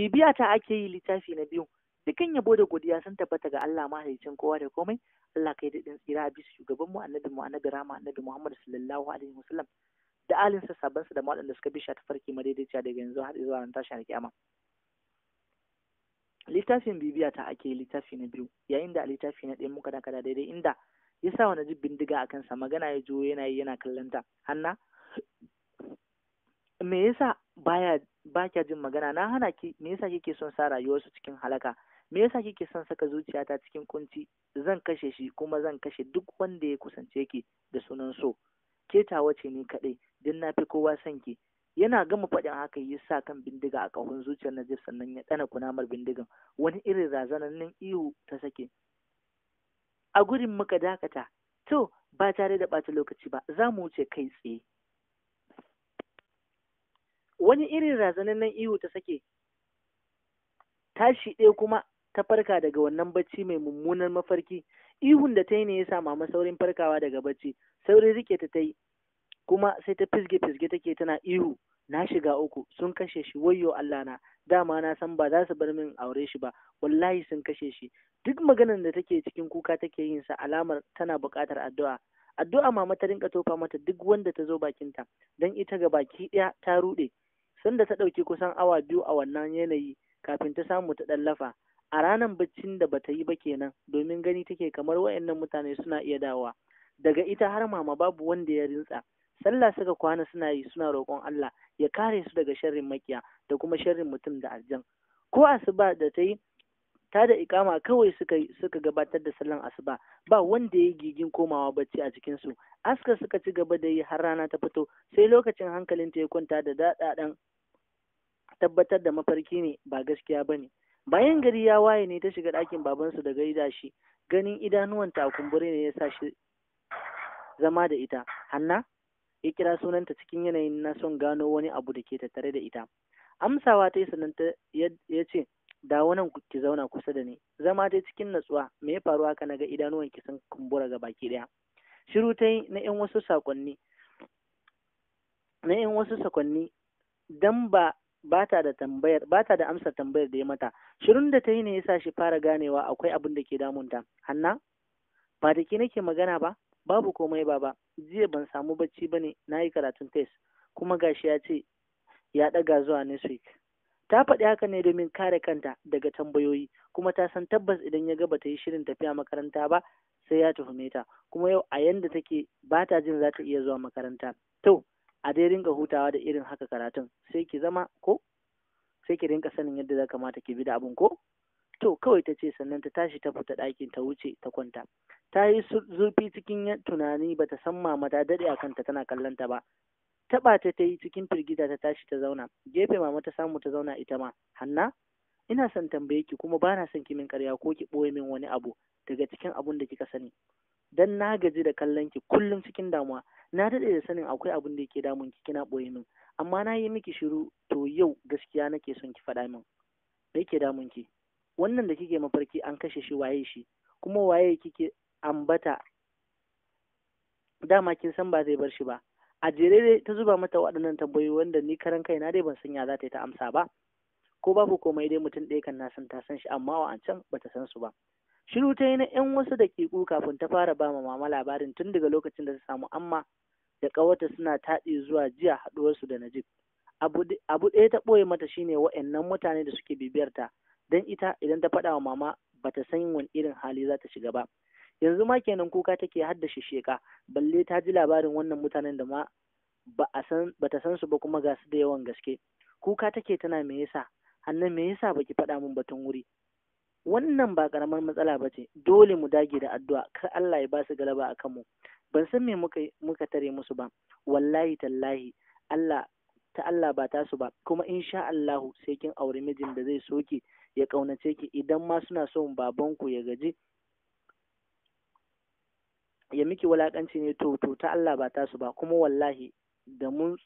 bibiya ta ake yi littafi na biyu dukkan yabo da godiya sun tabbata ga Allah mahaicin kowa da komai Allah kai daɗin tsira a bisa shugabanmu annabi mu annabi rama annabi Muhammad sallallahu alaihi wasallam da alin sa sabon sa da waɗanda suka bisha ta farki madaidaiciya daga yanzu har zuwa ran tashin kiyama littafin bibiya ta ake yi littafi na biyu yayin da a littafi na ɗaya muka dakata daidai inda ya sa wani bindiga a kansa magana ya juyo yana yi yana kallanta hanna me yasa baya ba kya jin magana na hana ki me yasa kike son sa rayuwarsu cikin halaka me yasa kike son saka zuciyata cikin kunci zan kashe shi kuma zan kashe duk wanda ya kusance ki da sunan so ke tawa ce ni kaɗai din na fi kowa son ki yana gama faɗin haka yi sa kan bindiga a ƙahon zuciyar Najib sannan ya ɗana kunamar bindigan wani irin nan ihu ta sake a gurin muka dakata to ba tare da ɓata lokaci ba za mu wuce kai tsaye wani irin nan ihu ta sake tashi ɗaya kuma ta farka daga wannan bacci mai mummunan mafarki ihun da ta yi ne ya sa mama saurin farkawa daga bacci saurin rike ta ta yi kuma sai ta fisge fisge take tana ihu na shiga uku sun kashe shi wayyo Allah na dama na san ba za su bar min aure shi ba wallahi sun kashe shi duk maganar da take cikin kuka take yin sa alamar tana buƙatar addu'a addu'a mama ta rinka tofa mata duk wanda ta zo bakinta don ita ga baki ɗaya ta ruɗe Sanda ta ɗauki kusan awa biyu a wannan yanayi kafin ta samu ta ɗallafa. A ranar baccin da bata yi ba kenan domin gani take kamar wayannan mutane suna iya dawa. Daga ita har mama babu wanda ya rintsa. Sallah suka kwana suna yi suna roƙon Allah ya kare su daga sharrin makiya da kuma sharrin mutum da aljan. Ko asuba da ta yi ta da ikama kawai suka suka gabatar da sallan asuba ba wanda ya gigin komawa bacci a cikin su aska suka ci gaba da yi har rana ta fito sai lokacin hankalinta ya kwanta da dadadan tabbatar da mafarki ne ba gaskiya bane bayan gari ya waye ne ta shiga ɗakin babansu da gaida shi ganin idanuwan ta kumbure ne ya sa shi zama da ita hanna ya kira sunanta cikin yanayin na son gano wani abu da ke tattare da ita amsawa ta yi sannan ya ce dawo nan ki zauna kusa da ni zama dai cikin natsuwa me ya faru haka naga ki sun kumbura ga baki daya shiru ta yi na yan wasu sakonni na yan wasu sakonni dan ba bata da tambayar bata da amsa tambayar da ya mata shirun da ta yi ne yasa shi fara ganewa akwai abin da ke damunta hanna ba da ke nake magana ba babu komai ba ba jiya ban samu bacci bane na yi karatun test kuma gashi ya ce ya ɗaga zuwa next week ta faɗi haka ne domin kare kanta daga tambayoyi kuma ta san tabbas idan ya ga bata yi shirin tafiya makaranta ba sai ya tuhume ta kuma yau a yanda take ba ta jin za ta iya zuwa makaranta to a dai rinka hutawa da irin haka karatun sai ki zama ko sai ki rinka sanin yadda za kamata ki bi da abin ko to kawai ta ce sannan ta tashi ta fita ɗakin ta wuce ta kwanta ta yi zurfi cikin tunani bata san mama ta daɗe a kanta tana kallon ba taɓa ta ta yi cikin firgiza ta tashi ta zauna gefe mama ta samu ta zauna ita ma hanna ina son tambaye ki kuma bana son ki min karya ko ki ɓoye min wani abu daga cikin abun da kika sani dan na gaji da kallon ki kullum cikin damuwa na daɗe da sanin akwai abun da yake damun ki kina ɓoye min amma na yi miki shiru to yau gaskiya nake son ki faɗa min me yake damun ki wannan da kike mafarki an kashe shi waye shi kuma waye kike ambata dama kin san ba zai bar shi ba a jere dai ta zuba mata waɗannan tambayoyi wanda ni karan kaina dai ban san ya za ta yi ta amsa ba ko babu komai dai mutum ɗaya kan na san ta san shi amma wa can ba ta san su ba shiru ta yi na ƴan wasu daƙiƙu kafin ta fara ba ma mama labarin tun daga lokacin da ta samu amma da ƙawarta suna taɗi zuwa jiya haɗuwarsu da najib abu ɗaya ta ɓoye mata shine wa'annan mutane da suke bibiyarta don ita idan ta faɗa wa mama ta san wani irin hali za ta shiga ba yanzu ma kenan kuka take haddashi sheka balle ta ji labarin wannan mutanen da ma ba a san ba ta san su ba kuma ga su da yawan gaske kuka take tana me yasa hannan me yasa baki faɗa min batun wuri wannan ba karamar matsala bace, dole mu dage da addu'a kar Allah ya ba su galaba a kanmu ban san me muka muka tare musu ba wallahi tallahi Allah ta Allah ba su ba kuma insha Allahu sai kin aure mijin da zai soke ya kaunace ki idan ma suna son babanku ya gaji ya miki wulakanci ne to to ta Allah ba tasu ba kuma wallahi da mun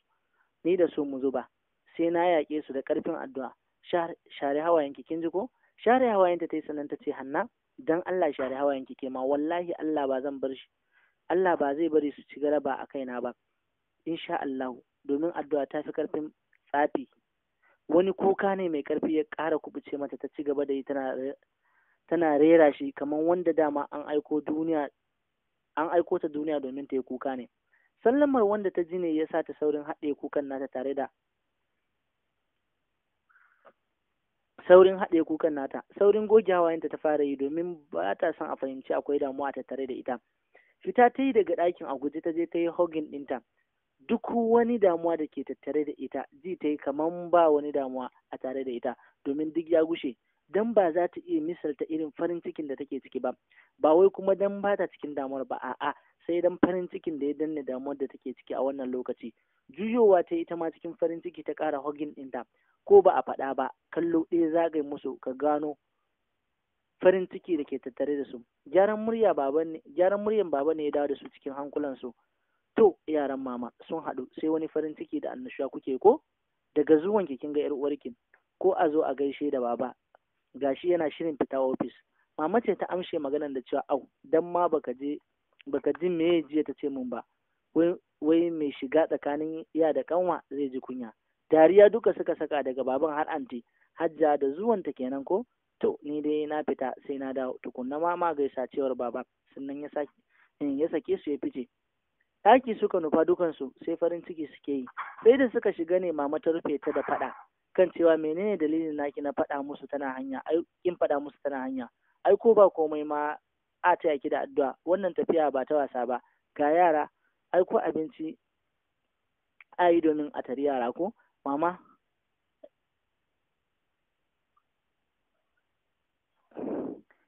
ni da su mu zuba sai na yaƙe su da ƙarfin addu'a share hawayenki kin ji ko share hawayenta ta yi sannan ta ce hanna dan Allah share hawayenki ke ma wallahi Allah ba zan bar shi Allah ba zai bari su ci garaba a kaina ba insha Allah domin addu'a ta fi ƙarfin tsafi wani kuka ne mai ƙarfi ya ƙara kubuce mata ta ci gaba da yi tana tana rera shi kamar wanda dama an aiko duniya an aiko ta duniya domin ta yi kuka ne sallamar wanda ta ji ne ya sa ta saurin haɗe kukan nata tare da saurin haɗe kukan nata saurin goge hawayenta ta fara yi domin ba ta son a fahimci akwai damuwa ta tare da ita fita ta yi daga ɗakin a guje ta je ta yi hogin ɗinta duk wani damuwa da ke tattare da ita ji ta yi kamar ba wani damuwa a tare da ita domin duk ya gushe dan ba za ta iya misalta irin farin cikin da take ciki ba ba wai kuma dan ba ta cikin damuwar ba a'a sai dan farin cikin da ya danne damuwar da take ciki a wannan lokaci juyowa ta ita ma cikin farin ciki ta ƙara hogin ɗinta ko ba a faɗa ba kallo ɗaya zagaye musu ka gano farin ciki da ke tattare da su gyaran murya baban ne gyaran muryan baba ne ya dawo da su cikin hankulan su to yaran mama sun haɗu sai wani farin ciki da annashuwa kuke ko daga zuwan ki kin ga yar uwarki ko a zo a gaishe da baba gashi yana shirin fita ofis mama ce ta amshe maganan da cewa au dan ma baka je baka ji me jiya ta ce mun ba wai mai shiga tsakanin ya da kanwa zai ji kunya dariya duka suka saka daga baban har anti hajja da zuwanta kenan ko to ni dai na fita sai na dawo tukunna ma ma gaisa cewar baba sannan ya saki eh, ya sake su ya fice ɗaki suka nufa dukansu sai farin ciki suke yi sai da suka shiga ne mama ta rufe ta da faɗa kan cewa menene dalilin naki na faɗa musu tana hanya ai kin faɗa musu tana hanya ai ko ba komai ma a taya ki da addu'a wannan tafiya ba ta wasa ba ga yara ai ko abinci a yi domin a tari yara ko mama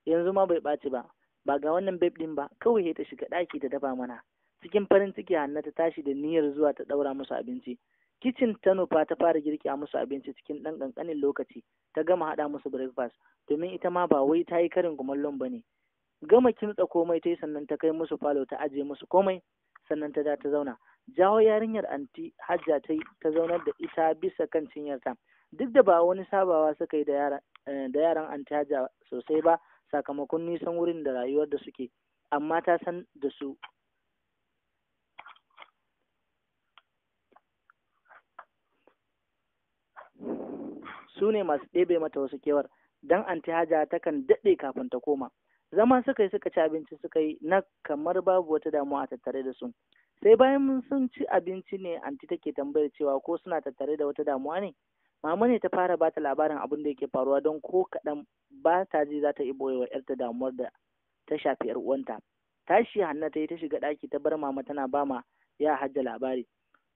yanzu ma bai ɓaci ba ba ga wannan babe ɗin ba kawai ta shiga ɗaki ta dafa mana cikin farin ciki hanna ta tashi da niyyar zuwa ta ɗaura musu abinci kicin ta nufa ta fara girki musu abinci cikin ɗan ƙanƙanin lokaci ta gama haɗa musu breakfast domin ita ma ba wai ta yi karin kumallon ba ne gama kintsa komai ta yi sannan ta kai musu falo ta ajiye musu komai sannan ta da ta zauna jawo yarinyar anti hajja ta yi ta zaunar da ita bisa kan cinyarta duk da ba wani sabawa suka yi da yaran eh, da yaran anti hajja sosai ba sakamakon nisan wurin da rayuwar da suke amma ta san da su su ne masu ɗebe mata wasu kewar don anti haja takan daɗe kafin ta koma zama suka yi suka ci abinci suka yi na kamar babu wata damuwa a tattare da su sai bayan sun ci abinci ne anti take tambayar cewa ko suna tattare da wata damuwa ne mama ne ta fara bata labarin abin da yake faruwa don ko kaɗan ba ta ji za ta yi wa yarta damuwar da ta shafi yar uwanta tashi hanna ta yi ta shiga ɗaki ta bar mama tana bama ma ya hajja labari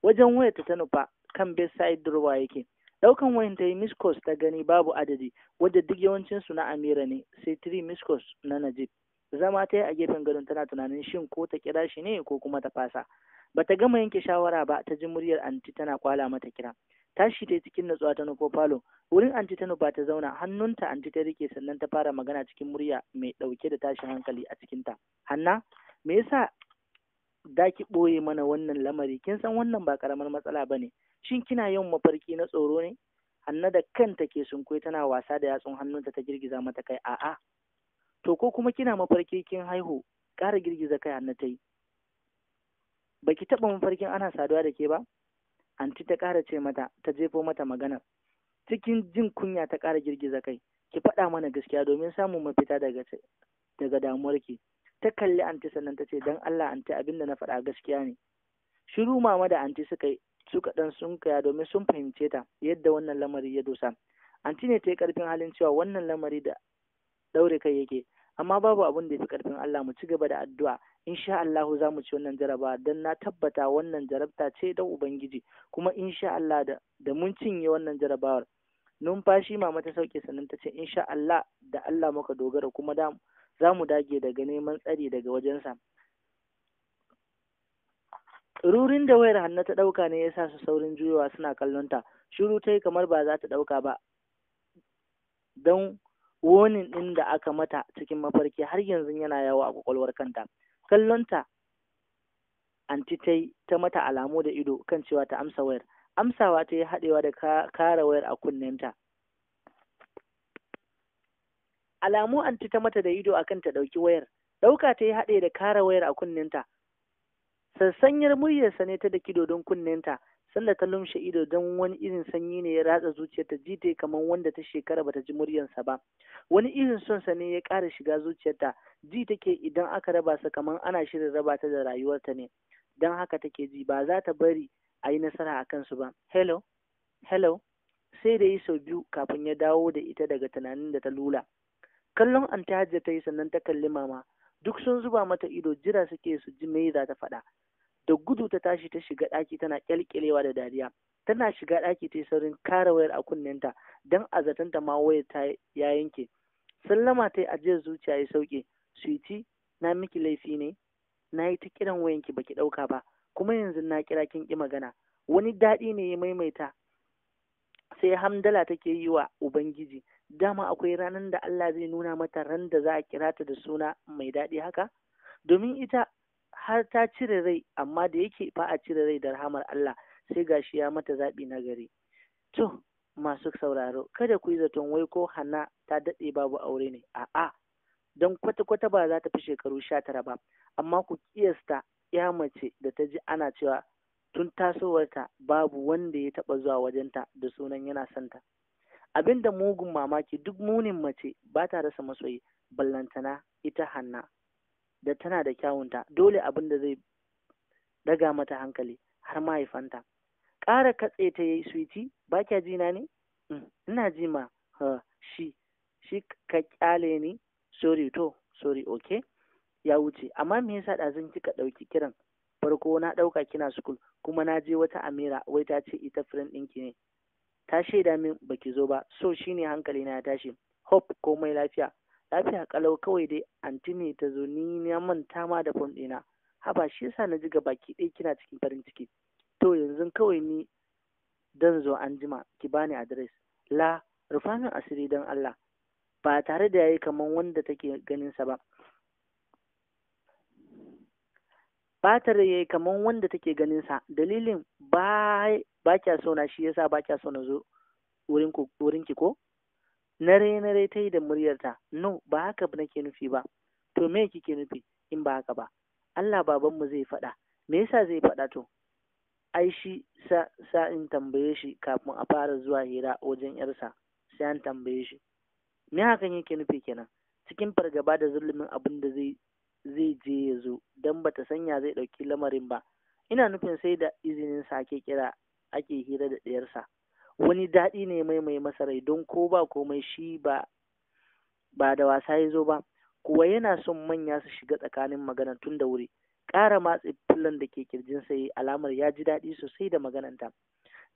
wajen wayarta ta nufa kan bedside drawer yake Daukan wayan ta yi miskos ta gani babu adadi, wadda duk yawancinsu na Amira ne, sai tiri miskos na Najib. Zama ta yi a gefen gadon tana tunanin shin ko ta kira shi ne ko kuma ta fasa. Bata gama yanke shawara ba ta ji muryar anti tana kwala mata kira. tashi ta cikin natsuwa ta nufo falo wurin anti ta nufa ta zauna hannunta anti ta rike sannan ta fara magana cikin murya mai ɗauke da tashin hankali a cikinta hanna me yasa da ki ɓoye mana wannan lamari kin san wannan ba karamar matsala ba ne shin kina yin mafarki na tsoro ne hanna da kanta ke sunkwai tana wasa da yatsun hannunta ta girgiza mata kai a'a to ko kuma kina mafarki kin haihu ƙara girgiza kai hannu ta yi baki taɓa mafarkin ana saduwa da ke ba anti ta ƙara ce mata ta jefo mata magana. cikin jin kunya ta ƙara girgiza kai ki faɗa mana gaskiya domin samun mafita daga daga damuwarki ta kalli anti sannan ta ce don Allah anti abin da na faɗa gaskiya ne shiru mama da anti suka yi su kaɗan sun kaya domin sun fahimce ta yadda wannan lamari ya dosa anti ne ta yi ƙarfin halin cewa wannan lamari da ɗaure kai yake amma babu abin da ya fi ƙarfin Allah mu ci gaba da addu'a insha Allahu za mu ci wannan jaraba don na tabbata wannan jarabta ce da Ubangiji kuma insha Allah da mun cinye wannan jarabawar numfashi mama ta sauke sannan ta ce insha Allah da Allah muka dogara kuma da za mu dage daga neman tsari daga wajensa Rurin da wayar hannu ta ɗauka ne ya sa su saurin juyowa suna kallonta. Shiru ta yi kamar ba za ta ɗauka ba. Don wonin ɗin da aka mata cikin mafarki har yanzu yana yawo a kwakwalwar kanta. Kallonta anti ta yi ta mata alamu da ido kan cewa ta amsa wayar. Amsawa ta yi haɗewa da kara wayar a kunnenta. Alamu anti ta mata da ido akan ta ɗauki wayar. Ɗauka ta yi haɗe da kara wayar a kunnenta. sassanyar muryarsa ne ta da don kunnen kunnenta sanda ta lumshe ido don wani irin sanyi ne ya ratsa zuciyarta ta kamar wanda ta shekara bata ji muryarsa ba wani irin son ne ya ƙara shiga zuciyarta ji take idan aka raba sa kamar ana shirin raba ta da rayuwarta ne don haka take ji ba za ta bari a yi nasara a kansu ba hello hello sai da yi sau biyu kafin ya dawo da ita daga tunanin da ta lula kallon anti ta yi sannan ta kalli mama duk sun zuba mata ido jira suke su ji me za ta faɗa da gudu ta tashi ta shiga ɗaki tana kyalkyalewa da dariya tana shiga ɗaki ta saurin kare wayar a kunnenta don a zaton ta ma wayar ta ya yanke sallama ta yi ajiyar zuciya ya sauke suiti na miki laifi ne na yi ta kiran wayanki baki ɗauka ba kuma yanzu na kira kin ƙi magana wani daɗi ne ya maimaita sai hamdala take yi wa ubangiji dama akwai ranar da Allah zai nuna mata ran da za a kira ta da suna mai daɗi haka domin ita har ta cire rai amma da yake fa a cire rai da rahamar Allah sai gashi ya mata zaɓi na gari to masu sauraro kada ku yi zaton wai ko hana ta daɗe babu aure ne a'a don kwata-kwata ba za ta fi shekaru sha tara ba amma ku kiyasta ya mace da ta ji ana cewa tun tasowarta babu wanda ya taɓa zuwa wajenta da sunan yana santa abin da mugun mamaki duk munin mace ba ta rasa masoyi ballantana ita hanna da tana da kyawunta dole abin da zai daga mata hankali har mahaifanta ƙara katse ta yi suiti ba kya jina ne mm, ina ji ma shi shi ka kyale ni sorry to sorry ok ya wuce amma me yasa zan kika ɗauki kiran farko na ɗauka kina sukul kuma na je wata amira wai ta ce ita firin ɗinki ne ta shaida min baki zo ba so shine hankali na ya tashi hope komai lafiya lafiya kalau kawai dai anti ne ta zo ni na manta ma da fom ɗina haba shi yasa na ji ga baki ɗaya kina cikin farin ciki to yanzu kawai ni dan zo an jima ki bani adres la rufa min asiri don Allah ba tare da yayi kaman wanda take ganin sa ba ba tare yayi kaman wanda take ganin sa dalilin ba ba kya so na shi yasa ba kya so na zo wurin ki ko nare nare ta yi da muryarta no ba haka nake nufi ba to me kike nufi in ba haka ba Allah babanmu zai faɗa me yasa zai faɗa to ai shi sa, in tambaye shi kafin a fara zuwa hira wajen yarsa sai an tambaye shi me hakan yake nufi kenan cikin fargaba da zulumin abin da zai zai je ya zo don ta sanya zai ɗauki lamarin ba ina nufin sai da izinin sa ake kira ake hira da ɗiyarsa wani daɗi ne mai mai masarai, rai don ko ba komai shi ba ba da wasa ya zo ba kuwa yana son manya su shiga tsakanin magana tun da wuri ƙara matse fillan da ke kirjin sai alamar ya ji daɗi sosai da magananta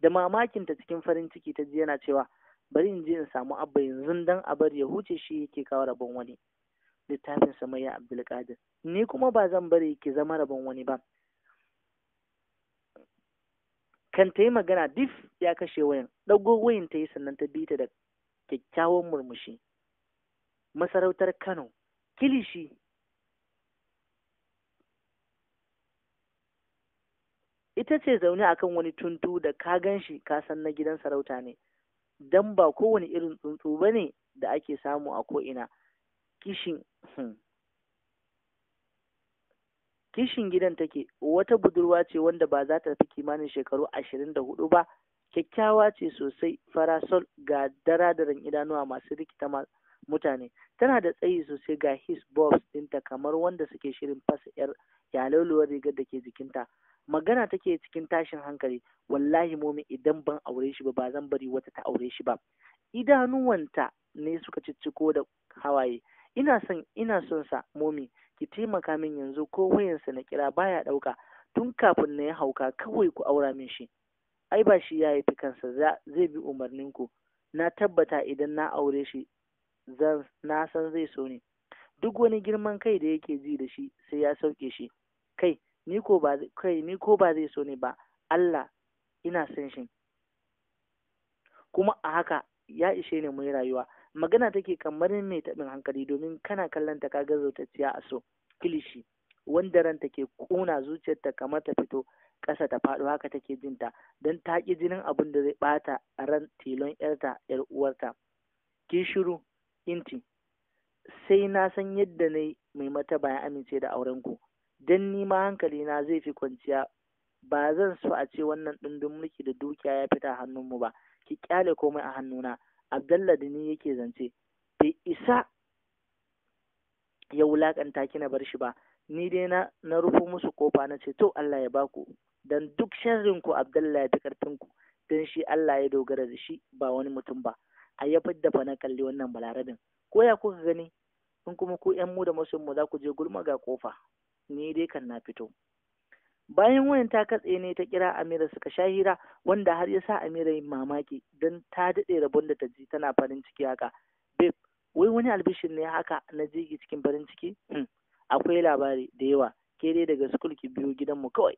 da mamakinta cikin farin ciki ta ji yana cewa bari in je in samu abba yanzu dan a bari ya huce shi yake kawo rabon wani littafin samayya abdulkadir ni kuma ba zan bari ki zama rabon wani ba kan ta yi magana dif ya kashe wayan ɗago wayan ta yi sannan ta bi ta da kyakkyawan murmushi masarautar kano kilishi ita ce zaune akan wani tuntu da ka gan shi ka san na gidan sarauta ne don ba kowane irin tsuntsu ba ne da ake samu a ko'ina kishin hmm. kishin gidan take wata budurwa ce wanda ba za ta fi kimanin shekaru ashirin da hudu ba kyakkyawa ce sosai farasol ga daradaran idanuwa masu rikita mutane tana da tsayi sosai ga his bobs dinta kamar wanda suke shirin fasa yar yaloluwar rigar da ke jikinta magana take cikin tashin hankali wallahi momi idan ban aure shi ba ba zan bari wata ta aure shi ba idanuwanta ne suka cicciko da hawaye ina son ina son sa momi ki taimaka min yanzu ko wayansa na kira baya ɗauka tun kafin na yi hauka kawai ku aura min shi ai ba shi ya haifi kansa zai bi umarnin ku na tabbata idan na aure shi zan na san zai so ni duk wani girman kai da yake ji da shi sai ya sauke shi kai ni ko ba kai ni ko ba zai so ni ba Allah ina son shi kuma a haka ya ishe ni mu rayuwa magana take kamar mai taɓin hankali domin kana kallon ta kaga zautacciya a so kilishi wanda ranta ke ƙona zuciyarta kamar ta fito ƙasa ta faɗo haka take jin ta don ta ƙi jinin abin da zai ɓata ran tilon 'yarta 'yar uwarta ki shiru inci sai na san yadda na mai mata bayan amince da auren ku don ni ma hankali na zai fi kwanciya ba zan so a ce wannan ɗundun mulki da dukiya ya fita hannunmu ba ki kyale komai a hannuna abdullah da ni yake zance bai isa ya wulakanta ki na bar shi ba ni dai na na rufo musu kofa na ce to Allah ya baku dan duk sharrin ku abdalla ya fi karfin ku dan shi Allah ya dogara da shi ba wani mutum ba a ya fidda fa na kalli wannan balarabin ko ya kuka gani in kuma ku yan mu da masoyin mu za ku je gulma ga kofa ni dai kan na fito bayan wayan ta katse ne ta kira amira suka sha hira wanda har ya sa amira yin mamaki don ta daɗe rabon da ta ji tana farin ciki haka babe wai wani albishin ne haka na jirgi cikin farin ciki mm, akwai labari da yawa ke dai daga sukul ki biyo gidanmu kawai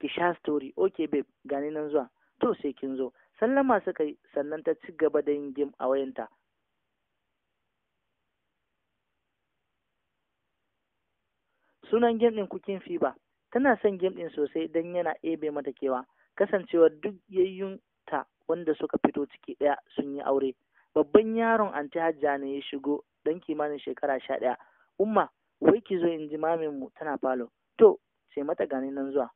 ki sha story ok babe gani nan zuwa to sai kin zo sallama suka yi sannan ta ci gaba da yin game a wayanta sunan game ɗin kukin fiba tana son game ɗin sosai don yana ebe mata kewa kasancewar duk yayyunta wanda suka fito ciki ɗaya sun yi aure babban yaron anti hajja ne ya shigo don kimanin shekara sha ɗaya umma wai ki zo in ji mamin mu tana falo to sai mata gani nan zuwa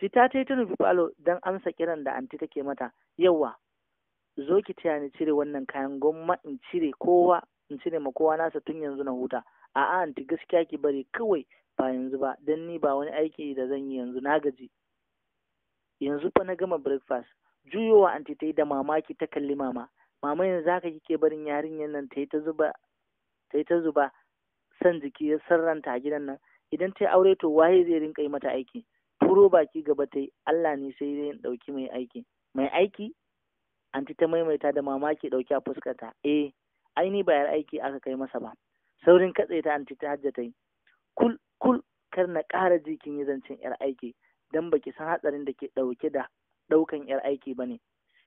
fita ta yi ta nufi falo don amsa kiran da anti take mata yawa zo ki taya ni cire wannan kayan gwamma in cire kowa in cire ma kowa nasa tun yanzu na huta a'a anti gaskiya ki bari kawai ba yanzu ba dan ni ba wani aiki da zan yi yanzu na gaji yanzu fa na gama breakfast juyowa anti ta yi da mamaki ta kalli mama mama yanzu haka kike barin yarinyar nan ta yi ta zuba ta ta zuba san jiki ya sarranta a gidan nan idan ta yi aure to waye zai rinka yi mata aiki turo baki gaba ta yi Allah ne sai zai ɗauki mai aiki mai aiki anti ta maimaita da mamaki ɗauki a fuskarta eh aini 'yar aiki aka kai masa ba saurin katse ta anti ta hajja yi kul kul kar na ƙara jikin yi zancen yar aiki dan baki san hatsarin da ke ɗauke da ɗaukan yar aiki ba ne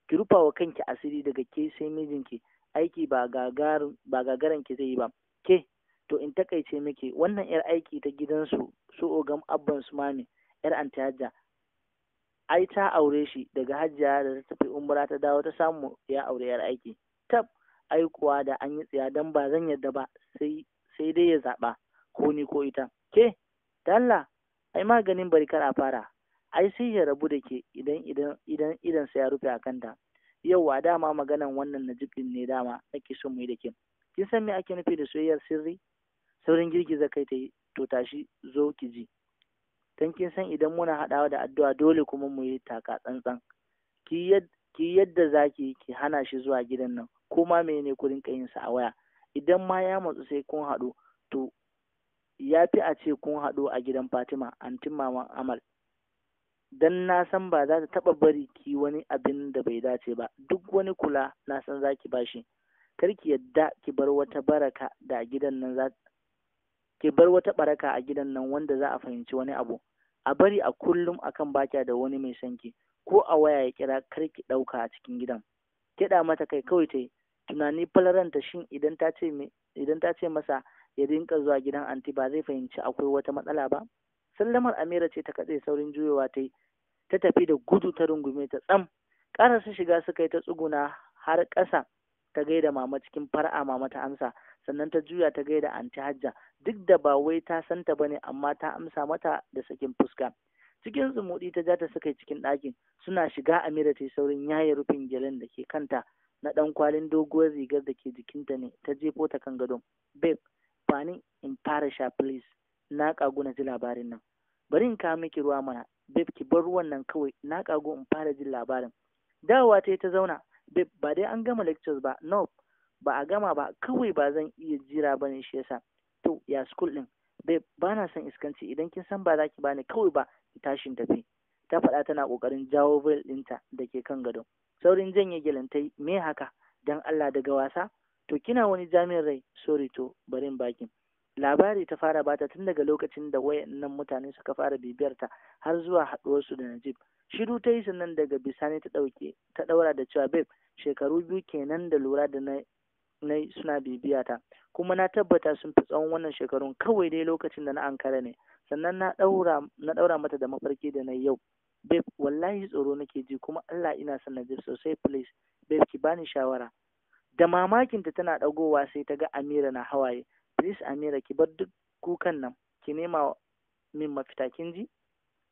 ki rufa wa kanki asiri daga ke sai mijinki aiki ba gagaran ki zai yi ba ke to in takaice miki wannan yar aiki ta gidansu su ogam abban su mami yar anti hajja ai ta aure shi daga hajjiya da ta tafi ta dawo ta samu ya aure yar aiki tab aikuwa da an yi tsiya don ba zan yadda ba sai dai ya zaɓa ko ni ko ita ke dalla ai maganin bari a fara ai sai ya rabu da ke idan idan idan idan ya rufe a kanta wa dama maganan wannan na din ne dama nake son mu yi da ke kin san me ake nufi da soyayyar sirri saurin girgiza kai ta yi to tashi zo ki ji Don kin san idan muna haɗawa da addu'a dole kuma mu yi taka tsantsan ki yadda ki yadda zaki ki hana shi zuwa gidan nan ko ma mene ku rinka yin sa a waya idan ma ya matsu sai kun haɗu to ya fi a ce kun haɗu a gidan Fatima antin maman Amal dan na san ba za ta taɓa bari ki wani abin da bai dace ba duk wani kula na san za ki bashi kar ki yadda ki bar wata baraka a gidan nan wanda za a fahimci wani abu a bari a kullum akan baka da wani mai sanki ko a waya ya kira kar ki ɗauka a cikin gidan kiɗa mata kai kawai ta yi tunani falaran ta ce idan ta ce masa ya rinka zuwa gidan anti ba zai fahimci akwai wata matsala ba sallamar amira ce ta katse saurin juyowa ta ta tafi da gudu ta rungume ta tsam karasa shiga suka yi ta tsuguna har ƙasa ta gaida mama cikin far'a mama ta amsa sannan ta juya ta gaida anti hajja duk da ba wai ta santa bane amma ta amsa mata da sakin fuska cikin zumuɗi ta ja ta suka cikin ɗakin suna shiga amira ta saurin yaye rufin gyalen da ke kanta na ɗan kwalin doguwar rigar da ke jikinta ne ta jefo ta kan gadon babe fani in fara sha please na kago na ji labarin nan bari in kawo miki ruwa mana babe ki bar ruwan nan kawai na kago in fara jin labarin dawowa ta ta zauna babe ba dai an gama lectures ba no ba a gama ba kawai ba zan iya jira ba ne shi yasa to ya school ɗin. babe ba na son iskanci idan kin san ba za ki bani kawai ba ki tashin tafi ta faɗa tana ƙoƙarin jawo bil ɗinta da ke kan gado. saurin janye gelantai me haka dan Allah daga wasa to kina wani jami'in rai sorry to barin baki." labari ta fara bata tun daga lokacin da wayannan mutane suka fara bibiyar ta har zuwa haɗuwar su da Najib shiru ta yi sannan daga bisani ta dauke ta ɗaura da cewa babe shekaru biyu kenan da lura da na na suna bibiya ta kuma na tabbata sun fi tsawon wannan shekarun kawai dai lokacin da na ankara ne sannan na ɗaura na daura mata da mafarki da na yau babe wallahi tsoro nake ji kuma Allah ina son na sosai please babe ki bani shawara da mamakinta tana ɗagowa sai ta ga Amira na hawaye please Amira ki bar duk kukan nan ki nema min mafita kin ji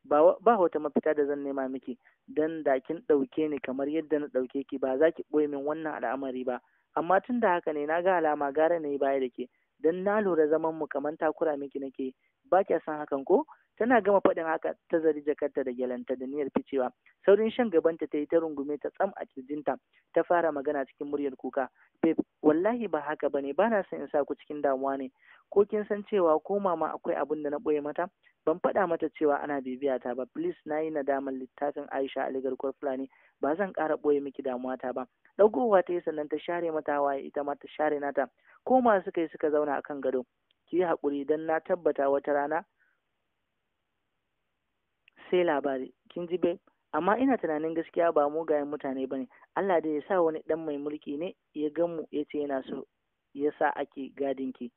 ba ba wata mafita da zan nema miki dan da kin ɗauke ni kamar yadda na ɗauke ki ba za ki ɓoye min wannan al'amari ba amma tun da haka ne na ga alama gara na yi baya da ke dan na lura zaman mu kamar takura miki nake ba kya san hakan ko tana gama faɗin haka ta zari jakarta da gyalanta da niyyar ficewa saurin shan gabanta ta yi ta rungume ta tsam a kirjinta ta fara magana cikin muryar kuka babe wallahi ba haka bane ba na son in sa ku cikin damuwa ne ko kin san cewa ko mama akwai abin da na ɓoye mata ban faɗa mata cewa ana bibiya ta ba please na yi nadamar littafin aisha a fulani ba zan ƙara ɓoye miki damuwa ta ba ɗaukowa ta yi sannan ta share mata waye, ita ma ta share nata ko masu kai suka zauna akan gado ki yi haƙuri don na tabbata wata rana sai labari kin ji amma ina tunanin gaskiya ba mugayen mutane ba ne. Allah da ya sa wani dan mai mulki ne ya gan mu ya ce yana so ya sa ake gadin ki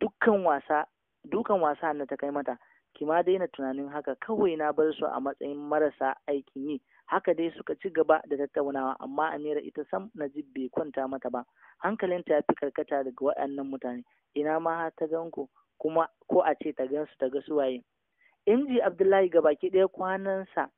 dukkan wasa dukan wasa na ta kai mata ki ma daina tunanin haka kawai na bar su a matsayin marasa aikin yi haka dai suka ci gaba da tattaunawa amma a Amira ita sam na ji bai kwanta mata ba hankalinta ya fi karkata daga waɗannan mutane ina ma ta ganku kuma ko a ce ta gansu ta ga suwaye inji abdullahi ga baki ɗaya kwanansa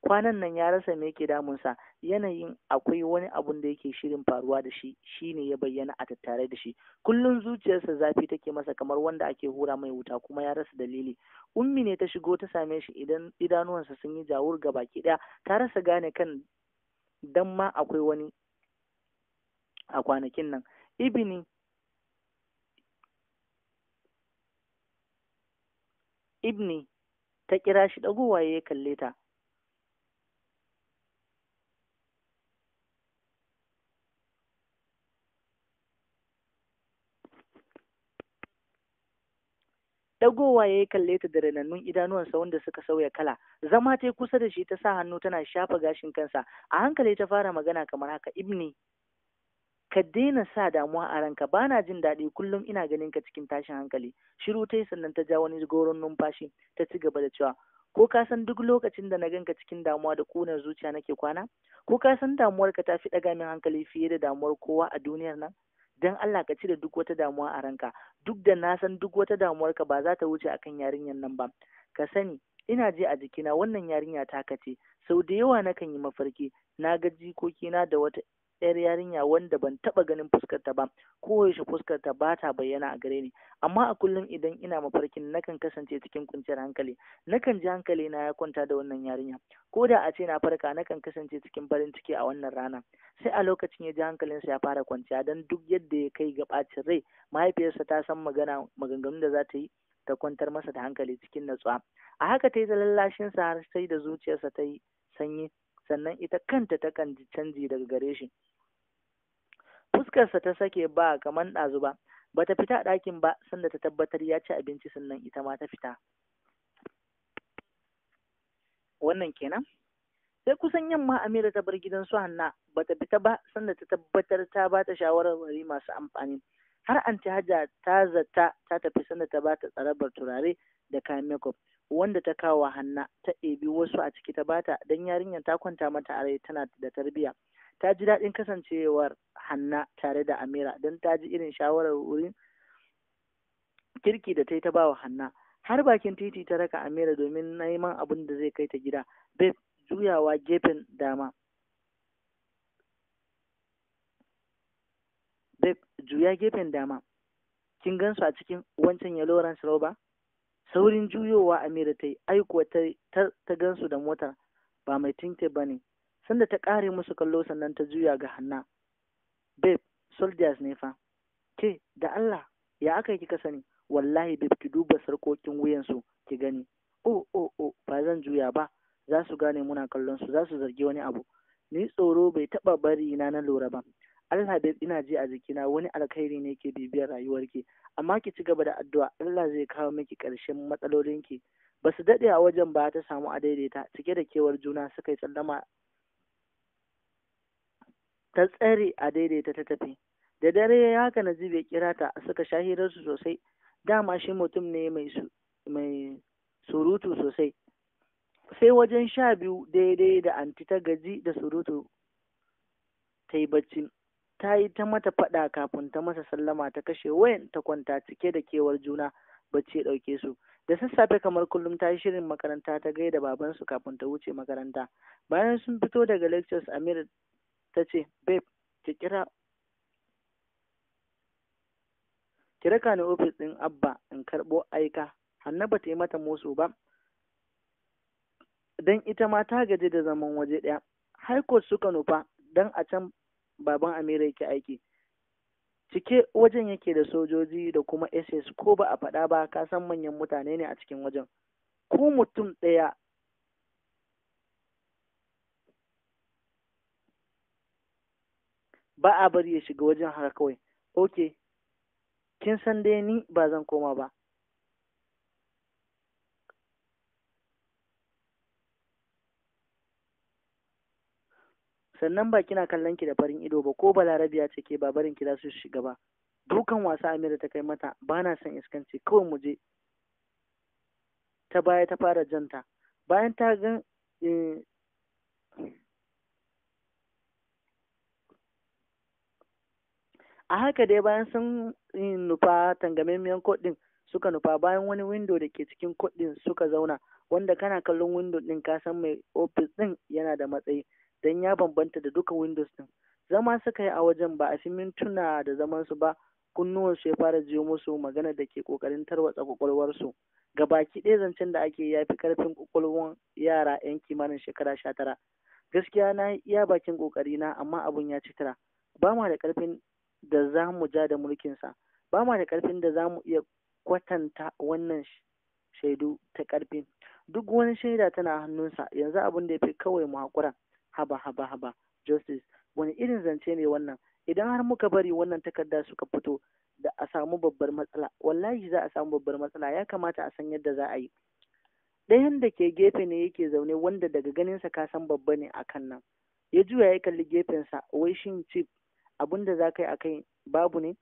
kwanan nan ya rasa me yake damunsa yanayin akwai wani abun da yake shirin faruwa da shi shine ya bayyana a tattare da shi kullum zuciyarsa zafi take masa kamar wanda ake hura mai wuta kuma ya rasa dalili ummi ne ta shigo ta same shi idan idanuwansa sun yi jawur ga baki ɗaya ta rasa gane kan dan ma akwai wani a kwanakin nan ibini ibni ta kira shi ɗagowa ya kalle ta ɗagowa ya yi kalle ta da ranannun idanuwansa wanda suka sauya kala zama ta yi kusa da shi ta sa hannu tana shafa gashin kansa a hankali ta fara magana kamar haka ibni ka daina sa damuwa a ranka ba na jin daɗi kullum ina ganin ka cikin tashin hankali shiru ta yi sannan ta ja wani goron numfashi ta ci gaba da cewa ko ka san duk lokacin da na ganka cikin damuwa da ƙunar zuciya nake kwana ko ka san damuwar ka ta fi ɗaga min hankali fiye da damuwar kowa a duniyar nan dan Allah ka cire duk wata damuwa a ranka duk da na san duk wata damuwar ka ba za ta wuce akan yarinyar nan ba ka sani ina je a jikina wannan yarinya ta kace sau da yawa nakan yi mafarki na ga jikokina da wata ɗayar yarinya wanda ban taɓa ganin fuskarta ba koyaushe fuskarta ba ta bayyana a gare ni amma a kullum idan ina mafarkin nakan kasance cikin kwanciyar hankali nakan ji hankali na ya kwanta da wannan yarinya ko da a ce na farka nakan kasance cikin farin ciki a wannan rana sai a lokacin ya ji hankalinsa ya fara kwanciya don duk yadda ya kai ga ɓacin rai mahaifiyarsa ta san magana maganganun da za ta yi ta kwantar masa da hankali cikin natsuwa a haka ta yi ta lallashinsa har sai da zuciyarsa ta yi sanyi sannan ita kanta ta kan canji daga gare shi fuskarsa ta sake ba kamar ɗazu ba ba ta fita a ɗakin ba sanda ta tabbatar ya ci abinci sannan ita ma ta fita wannan kenan sai kusan yamma amira ta bar gidan su hanna ba ta fita ba sanda ta tabbatar ta ba ta shawarar wari masu amfani har anti hajja ta zata ta tafi sanda ta bata tsarabar turare da kayan makeup wanda ta kawo hanna ta ɗebi wasu a ciki ta bata dan yarinyar ta kwanta mata a rai tana da tarbiyya ta ji daɗin kasancewar hanna tare da amira don ta ji irin shawarar wurin kirki da ta yi ta bawa hanna har bakin titi ta raka amira domin neman abun da zai kai ta gida babe juyawa gefen dama babe juya gefen dama kin gan su a cikin wancan yellow range rover saurin juyowa amira ta yi aikuwa ta, gan su da motar ba mai tinte ba ne sanda ta ƙare musu kallo sannan ta juya ga hanna babe soldiers ne fa ke da allah ya aka yi kika sani wallahi babe ki duba sarƙoƙin wuyansu ki gani o o o ba zan juya ba za su gane muna kallon su za su zargi wani abu ni tsoro bai taɓa bari na na lura ba Allah babe ina ji a jikina wani alkhairi ne ke bibiyar rayuwarki amma ki ci gaba da addu'a Allah zai kawo miki ƙarshen matsalolinki ba su daɗe a wajen ba ta samu a daidaita cike da kewar juna suka yi tsallama ta tsare a daidaita ta tafi da dare ya haka na zube kira ta suka sha hirarsu sosai dama shi mutum ne mai surutu sosai sai wajen sha biyu daidai da anti ta gaji da surutu ta yi bacci ta yi ta mata faɗa kafin ta masa sallama ta kashe wayan ta kwanta cike da kewar juna bacci ya ɗauke su da sassafe kamar kullum ta yi shirin makaranta ta gaida babansu kafin ta wuce makaranta bayan sun fito daga lectures amir ta ce babe ki kira ki raka ni ofis ɗin abba in karɓo aika hanna ba ta yi mata musu ba dan ita ma ta gaji da zaman waje ɗaya high court suka nufa dan a can baban Amira yake aiki cike wajen yake da sojoji da kuma SS ko ba a faɗa ba ka san manyan mutane ne a cikin wajen Ku mutum ɗaya ba a bari ya shiga wajen haka kawai ok kin san dai ni ba zan koma ba sannan ba kina kallon ki da farin ido ba ko Balarabi ya ce ke ba barin ki za su shiga ba dukan wasa amira ta kai mata ba na son iskanci kawai mu je ta baya ta fara janta bayan ta gan eh, a haka dai bayan sun nufa tangamemmiyan kodin suka nufa bayan wani windo da ke cikin kodin suka zauna wanda kana kallon windo din ka san mai ofis din yana da matsayi don ya bambanta da duka windows ɗin zama suka yi a wajen ba a fi mintuna da zaman su ba kunnuwansu ya fara jiyo musu magana da ke ƙoƙarin tarwatsa ƙwaƙwalwarsu ga baki ɗaya zancen da ake ya fi ƙarfin ƙwaƙwalwar yara 'yan kimanin shekara sha tara gaskiya na yi iya bakin ƙoƙarina, na amma abun ya ci tara ba ma da ƙarfin da za mu ja da mulkinsa ba ma da ƙarfin da za mu iya kwatanta wannan shaidu ta ƙarfi duk wani shaida tana hannunsa yanzu abin da ya fi kawai mu haƙura haba haba haba justice wani irin zance ne wannan idan har muka bari wannan takarda suka fito da a samu babbar matsala wallahi za a samu babbar matsala ya kamata a san yadda za a yi ɗayan da ke gefe ne yake zaune wanda daga ganinsa ka san babba ne a kan nan ya juya ya kalli gefensa wai shin chief abin da za ka yi a kai babu ne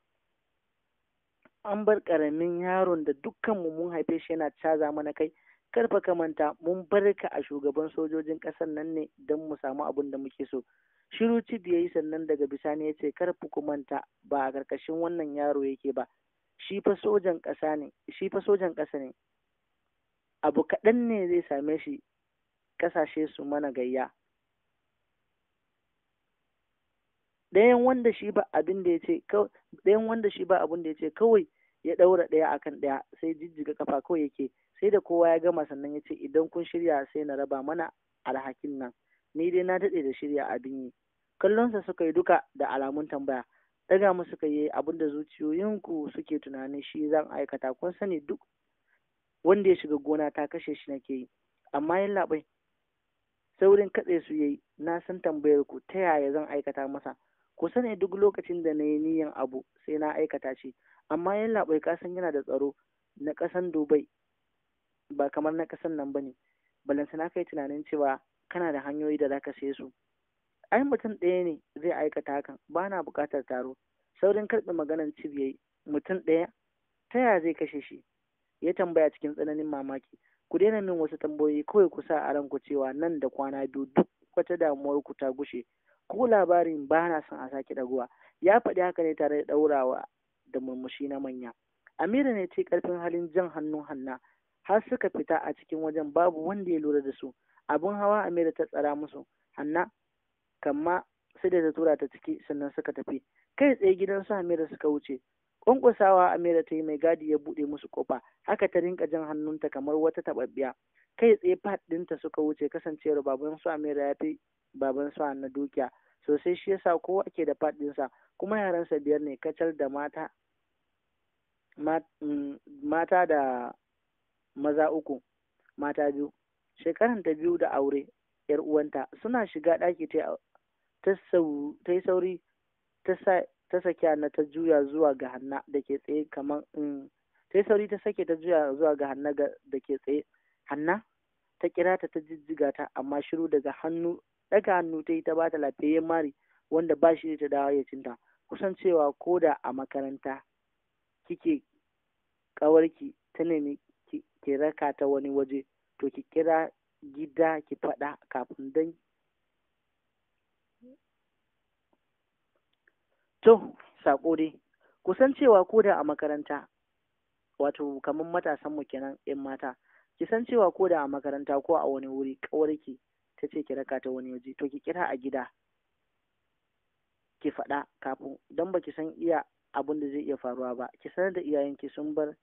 an bar ƙaramin yaron da dukkan mu mun haife shi yana caza mana kai karfa ka manta mun bar ka a shugaban sojojin ƙasar nan ne don mu samu abin da muke so shiru cib ya yi sannan daga bisani ya ce karfa ku manta ba a ƙarƙashin wannan yaro yake ba shi fa sojan ƙasa ne abu kaɗan ne zai same shi ƙasashe su mana gayya ɗayan wanda shi ba abin da ya ce wanda shi ba abin da ya ce kawai ya ɗaura ɗaya akan ɗaya sai jijjiga kafa kawai yake sai da kowa ya gama sannan ya ce idan kun shirya sai na raba mana alhakin nan ni dai na daɗe da shirya abin yi kallonsa suka yi duka da alamun tambaya daga mu suka yi abin da zuciyoyinku suke tunanin shi zan aikata kun sani duk wanda ya shiga gona ta kashe shi nake yi amma yin labai saurin katse su yayi na san tambayar ku ta yaya zan aikata masa ku sani duk lokacin da na yi niyan abu sai na aikata shi amma yin labai ka yana da tsaro na ƙasan dubai ba kamar na kasan nan ba ne na kai tunanin cewa kana da hanyoyi da zaka sai su ai mutum ɗaya ne zai aikata hakan ba na buƙatar taro saurin karɓe maganar cibiyayi mutum ɗaya ta yaya zai kashe shi ya tambaya cikin tsananin mamaki ku daina min wasu tambayoyi kawai ku sa a ranku cewa nan da kwana biyu duk wata damuwar ku ta gushe ko labarin ba na son a sake ɗaguwa ya faɗi haka ne tare da ɗaurawa da murmushi na manya amira ne ce ƙarfin halin jan hannun hanna har suka fita a cikin wajen babu wanda ya lura da su abin hawa amira ta tsara musu hanna kamma sai da ta tura ta ciki sannan suka tafi kai tsaye gidan su amira suka wuce kwankwasawa amira ta yi mai gadi ya bude musu kofa haka ta rinka jan hannunta kamar wata taɓaɓɓiya kai tsaye fat ɗinta suka wuce kasancewar baban su amira ya fi baban su na dukiya sosai shi yasa kowa ke da faɗinsa, ɗinsa kuma sa biyar ne kacal da mata mm, mata da maza uku mata biyu shekaran ta biyu da aure yar uwanta suna shiga ɗaki ta ta sauri ta saki na ta juya zuwa ga hanna da ke tsaye kamar mm, ta sauri ta sake ta juya zuwa ga hanna da ke tsaye hanna ta kira ta ta jijjiga ta amma shiru daga hannu daga hannu ta yi ta bata lafiyayyen mari wanda ba shi ta dawo ya cinta kusan cewa ko da a makaranta kike kawarki ta nemi ki ki raka ta wani waje to ki kira gida ki faɗa kafin dan to saƙo dai kusan cewa ko da a makaranta wato kamar matasan mu kenan yan mata ki san cewa ko da a makaranta ko a wani wuri ƙawarki ta ce ki raka ta wani waje to ki kira a gida ki faɗa kafin don baki san iya abun da zai iya faruwa ba ki sanar da iyayenki sun bar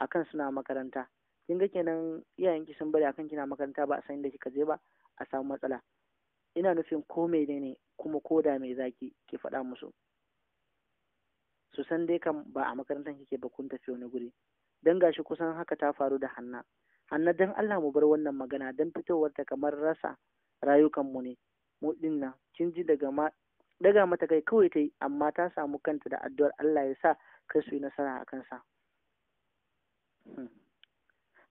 akan suna makaranta kin ga kenan iyayenki sun bari akan kina makaranta ba a san da kika je ba a samu matsala ina nufin ko mai ne kuma ko da me zaki ki faɗa musu su san dai kam ba a makarantar kike ba kun tafi wani guri dan gashi kusan haka ta faru da hanna hanna dan Allah mu bar wannan magana dan fitowar ta kamar rasa rayukan mu ne mu nan. kin ji daga ma daga mata kai kawai ta amma ta samu kanta da addu'ar Allah ya sa kai su yi nasara a kansa Hmm.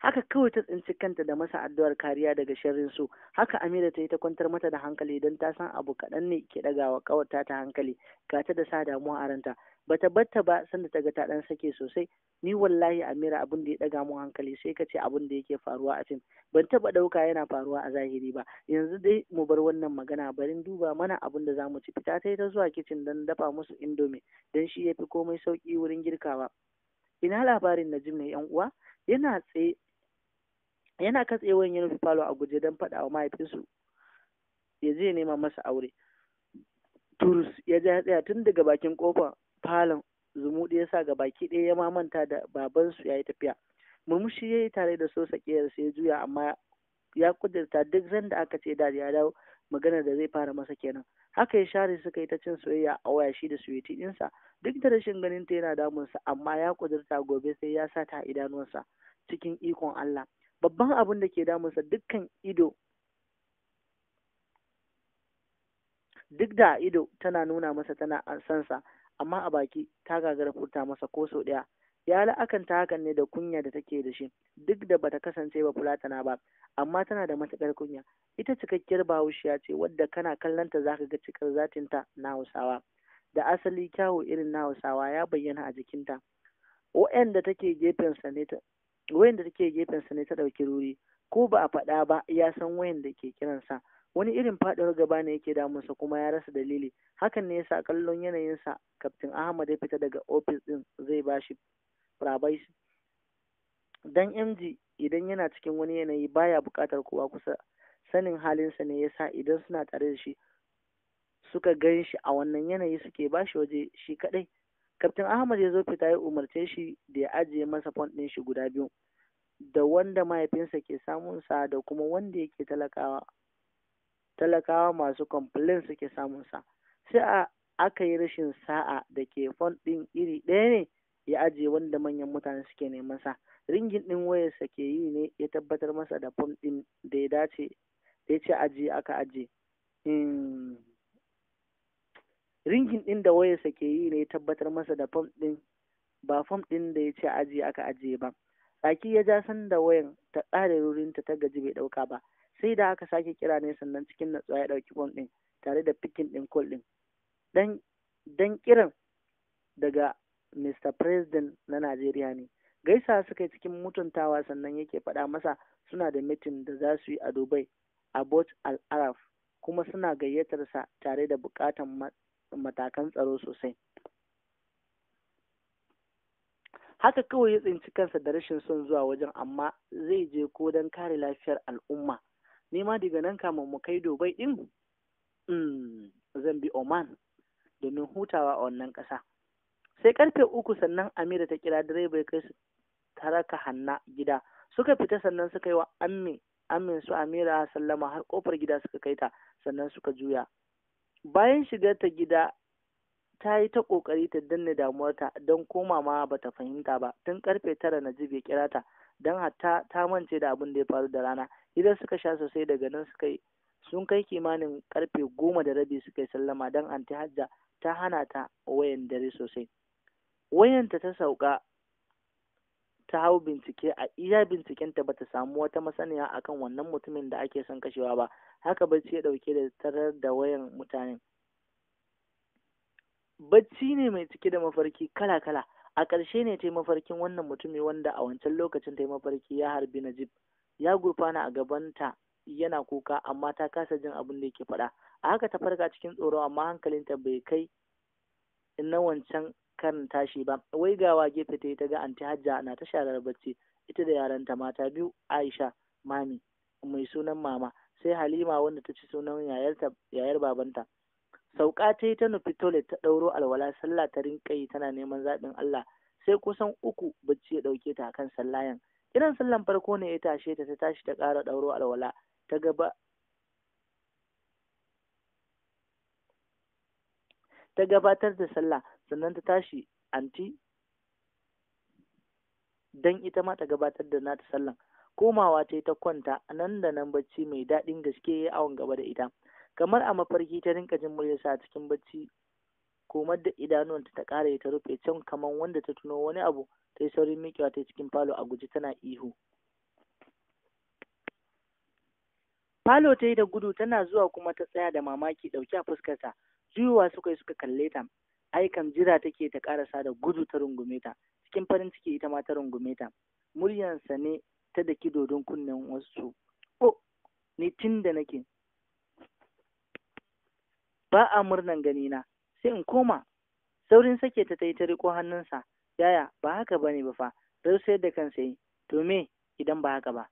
haka kawai ta tsinci kanta da masa addu'ar kariya daga sharrin su haka amira ta yi ta kwantar mata da hankali don ta san abu kaɗan ne ke ɗagawa kawarta ta hankali ga ta da sa damuwa a ranta bata batta ba sanda ta ga ta ɗan sake sosai ni wallahi amira abin da ya ɗaga mu hankali sai ka ce abin da yake faruwa a fim ban taɓa ɗauka yana faruwa a zahiri ba yanzu dai mu bar wannan magana barin duba mana abin da zamu ci fita ta yi ta zuwa kicin don dafa musu indomi don shi ya fi komai sauƙi wurin girkawa ina labarin najim ne yan uwa yana tsaye yana katsewan ya nufi falo a guje don faɗa wa mahaifinsu ya je nema masa aure turus ya ja tsaya tun daga bakin kofa falon zumuɗi ya sa ga baki ɗaya ya mamanta da babansu ya yi tafiya murmushi ya yi tare da so sakiyar sai juya amma ya kudurta duk zan da aka ce da ya dawo magana da zai fara masa kenan haka ya share suka yi ta cin soyayya a waya shi da suwiti ɗinsa duk da rashin ganin ta yana damunsa amma ya kudurta gobe sai ya sa ta idanuwansa cikin ikon Allah babban abin da ke damunsa dukkan ido duk da ido tana nuna masa tana sansa amma a baki ta gagara furta masa ko sau ɗaya ya la'akanta hakan ne da kunya da take da shi duk da bata kasance ba fulatana ba amma tana da matakar kunya ita cikakkiyar bahaushiya ce wadda kana kallonta zaka ga cikar zatin ta na hausawa da asali kyawu irin na hausawa ya bayyana a jikinta da take sa ne ta wayanda take sa ne ta ɗauki ruri ko ba a faɗa ba ya san wayanda ke kiransa wani irin faɗuwar gaba ne yake damunsa kuma ya rasa dalili hakan ne yasa kallon yanayinsa kaftin ahmad ya fita daga ofis ɗin zai bashi rabai shi dan mg idan yana cikin wani yanayi baya buƙatar kowa kusa sanin halinsa ne yasa idan suna tare da shi suka gan shi a wannan yanayi suke ba shi waje shi kaɗai kaftin ahmad ya zo fita ya umarce shi da ya ajiye masa fon ɗin shi guda biyu da wanda mahaifinsa ke samun sa da kuma wanda yake talakawa talakawa masu complain suke samun sa sai a aka yi rashin sa'a da ke fon ɗin iri ɗaya ne ya ajiye wanda manyan mutane suke neman sa ringin din wayarsa ke yi ne ya tabbatar masa da fom din da ya dace ya ce aje aka aje hmm. ringin din da wayarsa ke yi ne ya tabbatar masa da fom din ba fom din da ya ce ajiye aka aje ba tsaki ya ja da wayan ta tsare rurin ta gaji bai ɗauka ba sai da aka sake kira ne sannan cikin natsuwa ya ɗauki fom din tare da pikin din call din dan kiran daga Mr. President na Najeriya ne. gaisa suka yi cikin mutuntawa sannan yake faɗa masa suna da mitin da za su yi a Dubai a Bot Al Arab kuma suna gayyatarsa tare da bukatan matakan tsaro sosai. Haka kawai ya tsinci kansa da rashin son zuwa wajen amma zai je ko don kare lafiyar al'umma. Nema daga nan kama mu kai Dubai ɗin? Mm, zan bi Oman domin hutawa a wannan ƙasa. sai karfe uku sannan amira ta kira direba ya kai su taraka hanna gida suka fita sannan suka yi wa amme amin su amira sallama har kofar gida suka kai ta sannan suka juya bayan shigar ta gida ta yi ta kokari ta danne damuwarta don koma ma bata fahimta ba tun karfe tara na ya kira ta don hatta ta mance da abin da ya faru da rana idan suka sha sosai daga nan suka yi sun kai kimanin karfe goma da rabi suka yi sallama don anti hajja ta hana ta wayan dare sosai wayanta ta sauka ta hau bincike a iya bincikenta ba ta samu wata masaniya akan wannan mutumin da ake son kashewa ba haka bacci ya dauke da tarar da wayan mutanen bacci ne mai cike da mafarki kala kala a ƙarshe ne ta yi mafarkin wannan mutumi wanda a wancan lokacin ta yi mafarki ya harbi najib ya gurfana a gabanta yana kuka amma ta kasa jin abin da yake faɗa a haka ta farka cikin tsoro amma hankalinta bai kai na wancan kan tashi ba wai gawa gefe ta yi ta ga anti hajja na ta sharar bacci ita da yaranta mata biyu aisha mami mai sunan mama sai halima wanda ta ci sunan yayar babanta sauka ta yi ta nufi toilet ta ɗauro alwala sallah ta rinka tana neman zaɓin allah sai kusan uku bacci ya ɗauke ta akan sallayan irin sallan farko ne ya tashe ta ta tashi ta ƙara ɗauro alwala ta gaba ta gabatar da sallah sannan ta tashi anti dan ita ma ta gabatar da nata sallan komawa ta ta kwanta nan da nan bacci mai daɗin gaske ya awon gaba da ita kamar a mafarki ta rinka jin muryarsa a cikin bacci komar da idanuwanta ta ƙara ta rufe can kamar wanda ta tuno wani abu ta yi saurin miƙewa ta cikin falo a guji tana ihu falo ta yi da gudu tana zuwa kuma ta tsaya da mamaki ɗauke a fuskarta juyowa suka yi suka kalle ta ai kam jira take ta karasa da gudu ta rungume ta cikin farin ciki ita ma ta rungume ta muryansa ne ta da kidodon kunnen wasu ko oh, ni tun da nake ba a murnan ganina sai in koma saurin sake ta ta yi ta riko hannunsa yaya ba haka bane ba fa sayar da kansa yi to me idan ba haka ba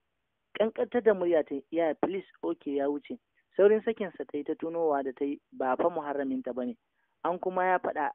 kankanta da murya ta yaya please okay ya wuce saurin sakinsa ta yi ta tunowa da ta yi ba fa muharramin ta bane an kuma ya faɗa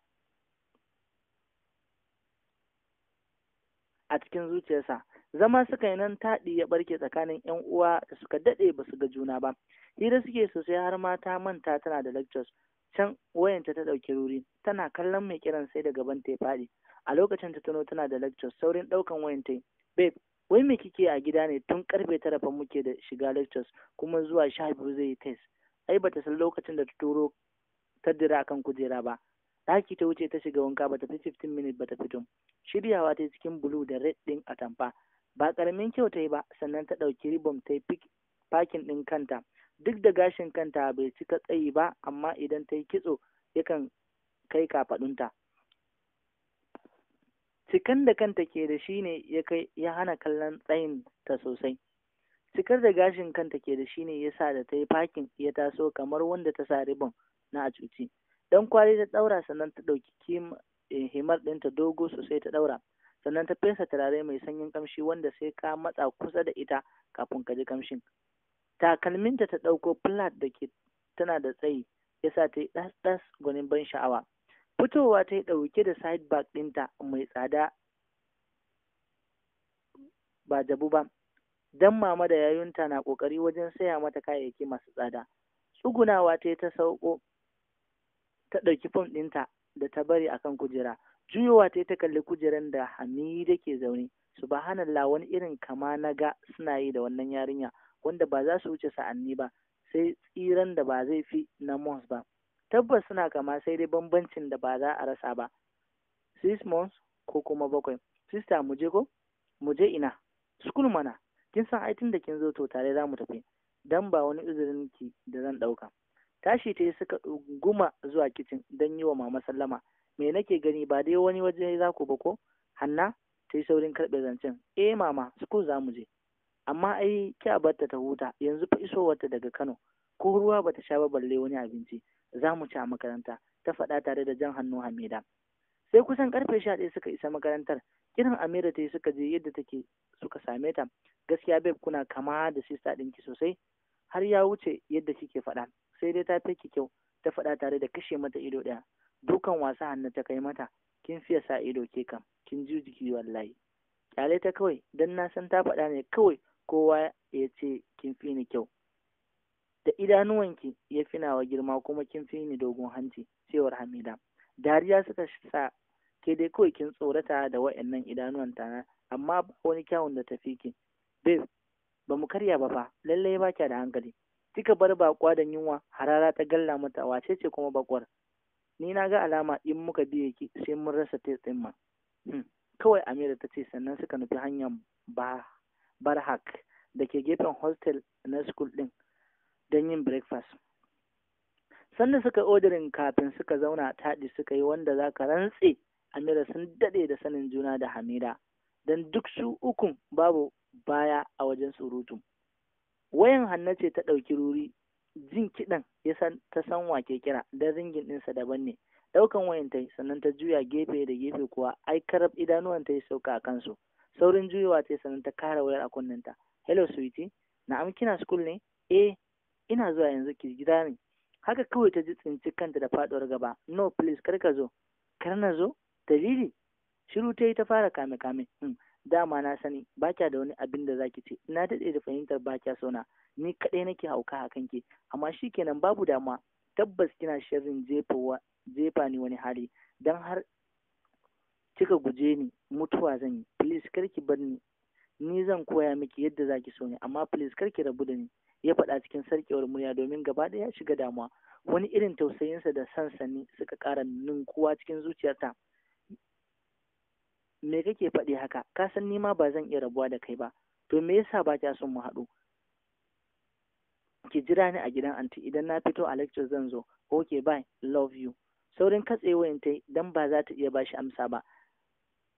a cikin zuciyarsa zama suka yi nan taɗi ya ɓarke tsakanin 'yan uwa da suka daɗe ba su ga juna ba hira suke sosai har mata manta tana da lectures can wayanta ta ɗauki ruri tana kallon mai kiran sai da gaban ta ya faɗi a lokacin ta tuno tana da lectures saurin ɗaukan wayan ta babe wai me kike a gida ne tun karfe tara fa muke da shiga lectures kuma zuwa sha biyu zai yi test ai bata san lokacin da ta turo kaddira akan kujera ba ɗaki ta wuce ta shiga wanka bata fi 15 ba ta fito shiryawa ta yi cikin bulu da red ɗin atamfa ba ƙaramin kyau ta yi ba sannan ta ɗauki ribom ta yi pakin ɗin kanta duk da gashin kanta bai cika tsayi ba amma idan ta yi kitso yakan kai kafaɗunta cikan da kanta ke da shi ne ya kai ya hana kallon tsayin ta sosai cikar da gashin kanta ke da shi ne ya sa da ta yi pakin ya taso kamar wanda ta sa ribon na a cuci dan kwali ta ɗaura, sannan ta dauki eh, himar ɗinta dogo sosai ta ɗaura, sannan ta fesa turare mai sanyin kamshi wanda sai ka matsa kusa da ita kafin ka ji kamshin takalminta ta ɗauko flat da ke tana da tsayi yasa ta yi ɗas-ɗas gwanin ban sha'awa fitowa ta yi ɗauke da side bag ɗinta mai tsada ba jabu ba dan mama da yayunta na ƙoƙari wajen saya mata kayayyaki masu tsada tsugunawa ta yi ta sauko ta ɗauki fom ɗinta da ta bari a kan kujera juyowa ta ta kalli kujeran da hamida ke zaune su ba subhanallah wani irin kama na ga suna yi da wannan yarinya wanda ba za su wuce sa'anni ba sai tsiran da ba zai fi na mons ba tabbas suna kama sai dai bambancin da ba za a rasa ba six months ko kuma bakwai sista mu je ko mu je ina Sukul mana kin san aitin da kin zo to tare za mu tafi dan ba wani izinin ki da zan ɗauka tashi ta suka guma zuwa kicin don yi wa mama sallama me nake gani ba dai wani waje za ku ba ko hanna ta yi saurin karɓe zancen eh mama suku za mu je amma ai a barta ta huta yanzu fa isowarta daga kano ko ruwa ba ta sha ba balle wani abinci za mu ci a makaranta ta faɗa tare da jan hannu hamida sai kusan karfe sha ɗaya suka isa makarantar kiran amira ta yi suka je yadda take suka same ta gaskiya babe kuna kama da sista ɗinki sosai har ya wuce yadda kike faɗa sai dai ta fake kyau ta faɗa tare da kashe mata ido ɗaya dukan wasa hannu ta kai mata kin fiye sa ido ke kam kin ji jiki wallahi kyale ta kawai dan na san ta faɗa ne kawai kowa ya ce kin fi ni kyau da idanuwanki ya fi nawa girma kuma kin fi ni dogon hanci cewar hamida dariya suka sa ke dai kawai kin tsorata da wa'annan idanuwan tana amma wani kyawun da tafi ki babe ba mu karya ba fa lallai ba kya da hankali kika bar bakwa da yunwa harara ta galla mata wace ce kuma bakwar ni na ga alama in muka biye ki sai mun rasa testin ma hmm. kawai amira ta ce sannan suka nufi hanyar barhak da ke gefen hostel na school din don yin breakfast Sannan suka odirin kafin suka zauna taɗi suka yi wanda za ka rantse amira sun daɗe da sanin juna da hamida don duk su ukun babu baya a wajen surutu wayan hanna ce ta ɗauki ruri jin kiɗan ya san ta san wake kira da ringin ɗinsa daban ne ɗaukan wayan ta sannan ta juya gefe da gefe kuwa ai karab idanuwan ta yi sauka a kansu saurin juyawa ta sannan ta kara wayar a ta hello sweetie na'am kina school ne eh ina zuwa yanzu ki gida ne haka kawai ta ji tsinci kanta da faɗuwar gaba no please kar ka zo kar na zo dalili shiru ta yi ta fara kame kame hmm. dama na sani ba kya da wani abin da zaki ce na daɗe da fahimtar ba kya sona ni kaɗai nake hauka a kanki amma shi kenan babu dama tabbas kina shirin jefa jefa ni wani hali dan har kika guje ni mutuwa zan yi please kar ki bar ni ni zan koya miki yadda zaki so ni amma please kar ki rabu da ni ya faɗa cikin sarkewar murya domin gaba ɗaya ya shiga damuwa wani irin tausayinsa da sansani suka ƙara ninkuwa cikin zuciyarta me kake faɗi haka ka san ni ma ba zan iya rabuwa da kai ba to me yasa ba kya son mu haɗu ki jira ni a gidan anti idan na fito a lecture zan zo okay bye love you saurin katse wayan ta dan ba za ta iya bashi amsa ba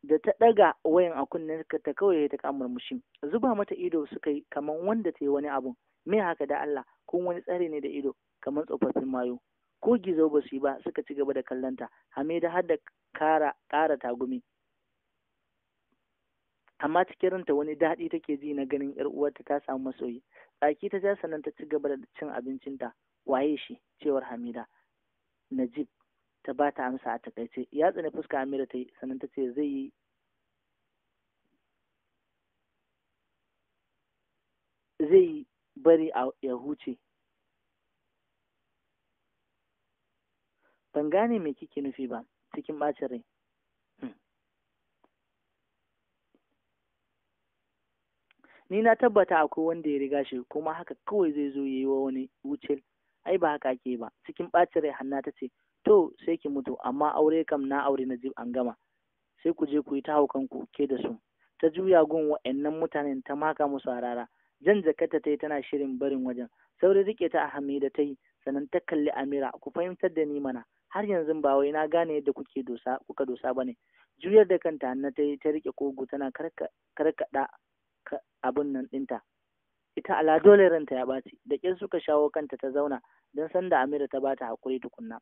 da ta ɗaga wayan a kunnen ta kawai ta mushi. zuba mata ido suka yi kamar wanda ta yi wani abu me haka da Allah ko wani tsare ne da ido kamar tsofaffin mayo ko gizo ba su yi ba suka ci gaba da kallonta hamida har da kara kara tagumi amma cikin ranta wani daɗi take ji na ganin yar uwarta ta samu masoyi tsaki ta ja sannan ta ci gaba da cin abincinta waye shi cewar hamida najib ta ba ta amsa a takaice ya tsani fuska hamida ta yi sannan ta ce zai yi zai bari a ya huce ban gane me kike nufi ba cikin ɓacin rai ni na tabbata akwai wanda ya riga shi kuma haka kawai zai zo yi wa wani wuce. ai ba haka ake ba cikin ɓacin rai hanna ta ce to sai ki mutu amma aure kam na aure na jib an gama sai ku je ku yi ta haukan ke da su ta juya gun wa'annan mutanen ta maka musu harara jan jakata ta yi tana shirin barin wajen saurin rike ta a da ta yi sannan ta kalli amira ku fahimtar da ni mana har yanzu ba wai na gane yadda kuke dosa kuka dosa bane juyar da kanta na ta yi ta rike kogo tana karkaɗa. abin nan ɗinta ita ala dole ranta ya ɓaci da ƙin suka shawo kanta ta zauna don da amira ta bata hakuri tukunna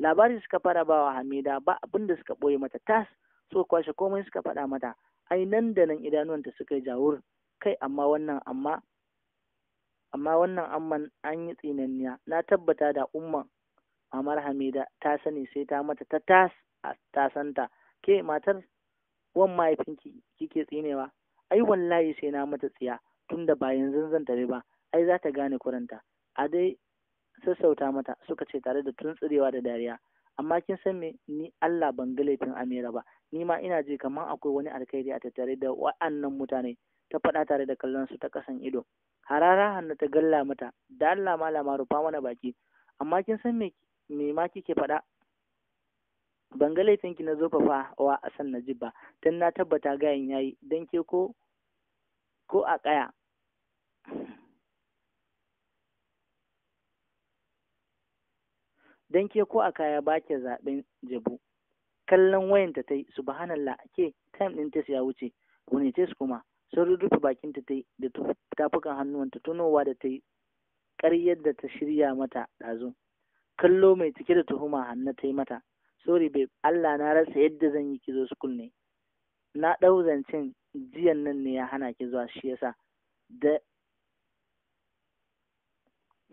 Labarin suka fara wa hamida ba abin da suka ɓoye mata tas suka kwashe komai suka faɗa mata ai nan da nan idanuwanta suka yi jawur kai amma wannan amma amma wannan amman an yi tsinanniya na tabbata da umman Amar hamida ta sani sai ta mata ta tas a tasanta ke matar wan mahaifinki kike tsinewa ai wallahi sai na mata tsiya tunda ba yanzu zan tafi ba ai za ta gane kuranta a dai sassauta mata suka ce tare da tun tsirewa da dariya amma kin san me ni Allah ban ga laifin Amira ba ni ma ina ji kamar akwai wani alkhairi a tattare da wa'annan mutane ta faɗa tare da kallon su ta kasan ido harara hannu ta galla mata da Allah malama rufa mana baki amma kin san me me ma kike faɗa ban ga laifinki na zofafa wa asan najib ba dan na tabbata gayan yayi dan ke ko ko a kaya dan ke ko a kaya ba ke zaɓen jabu kallon wayanta ta yi subhanallah ke time ɗin ta ya wuce wani tes kuma sun rufe bakinta ta yi da tafukan hannuwanta tunowa da ta yi ƙaryar da ta shirya mata ɗazu kallo mai cike da tuhuma hannu ta yi mata sorry babe Allah na rasa yadda zan yi ki zo school ne na ɗau zancen jiyan nan ne ya hana ki zuwa shi yasa da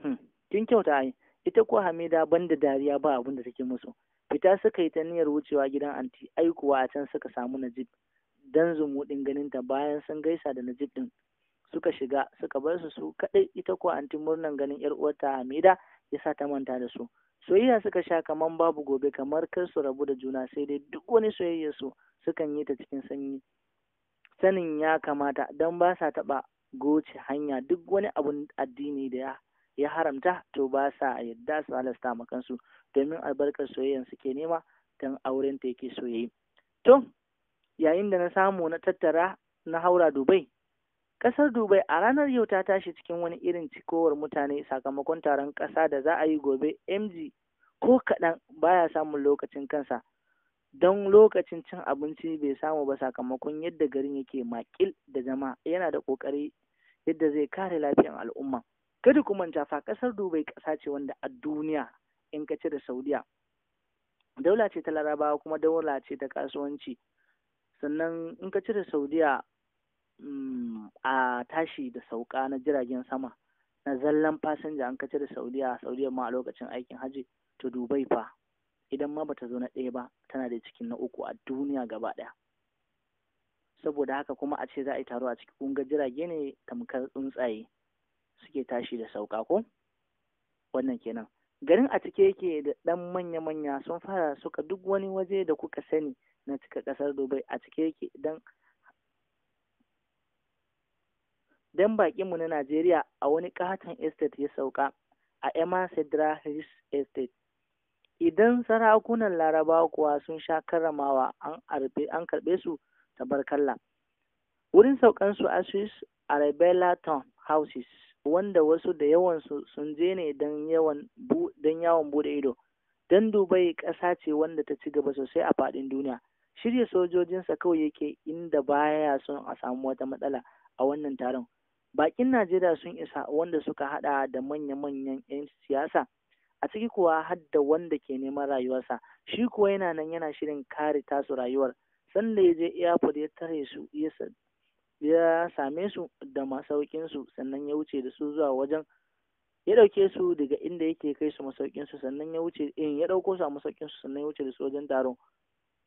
hmm, kin kyauta ai ita ko Hamida banda dariya ba abin da take musu fita suka yi ta niyyar wucewa gidan anti ai kuwa a can suka samu Najib dan zumuɗin ganin ta bayan sun gaisa da Najib din suka shiga suka bar su su kadai ita ko anti murnan ganin yar uwarta Hamida yasa ta manta da su soyayya suka sha kaman babu gobe kamar kar su rabu da juna sai dai duk wani soyayya su sukan yi ta cikin sanyi sanin ya kamata don ba sa taɓa goce hanya duk wani abun addini da ya ya haramta to ba sa yadda su halasta ma kansu domin albarkar soyayyan suke nema don auren ta yake soyayya to yayin da na samu na tattara na haura dubai Kasar Dubai a ranar yau ta tashi cikin wani irin cikowar mutane sakamakon taron kasa da za a yi gobe MG ko kaɗan baya samun lokacin kansa don lokacin cin abinci bai samu ba sakamakon yadda garin yake makil da jama'a yana da kokari yadda zai kare lafiyar al'umma. Kada kuma manta fa ƙasar Dubai ƙasa ce wanda a duniya in ka cire Saudiya daula ce ta larabawa kuma daula ce ta kasuwanci sannan in ka cire Saudiya Mm, a tashi da sauka na jiragen sama na zallan fasinja an kace da saudiya saudiya ma a lokacin aikin hajji to dubai fa idan ma bata zo na ɗaya ba tana da cikin na uku a duniya gaba ɗaya saboda haka kuma a ce za a yi taro a cikin kunga jirage ne tamkar tsuntsaye suke tashi da sauka ko wannan kenan garin a cike yake da ɗan manya-manya sun fara suka duk wani waje da kuka sani na cika ƙasar dubai a cike yake dan. don bakinmu na Najeriya a wani katon estate ya sauka a Emma Cedra Hills Estate. Idan sarakunan Larabawa kuwa sun sha karramawa an karɓe su ta tabarkalla. Wurin saukansu a Swiss Arabella Town Houses wanda wasu da yawansu sun je ne don yawon bude ido. Don Dubai ƙasa ce wanda ta ci gaba sosai a faɗin duniya. Shirya sojojinsa kawai yake inda baya son a samu wata matsala a wannan taron. Bakin Najeriya sun isa wanda suka hada da manya-manyan 'yan siyasa, a ciki kuwa har da wanda ke neman rayuwarsa, shi kuwa yana nan yana shirin kare tasu rayuwar. Sanda ya je airport ya tare su ya same su da su sannan ya wuce da su zuwa wajen ya ɗauke su daga inda yake kai su masaukinsu sannan ya wuce in eh, ya ɗauko su a masaukinsu sannan ya wuce da su wajen taron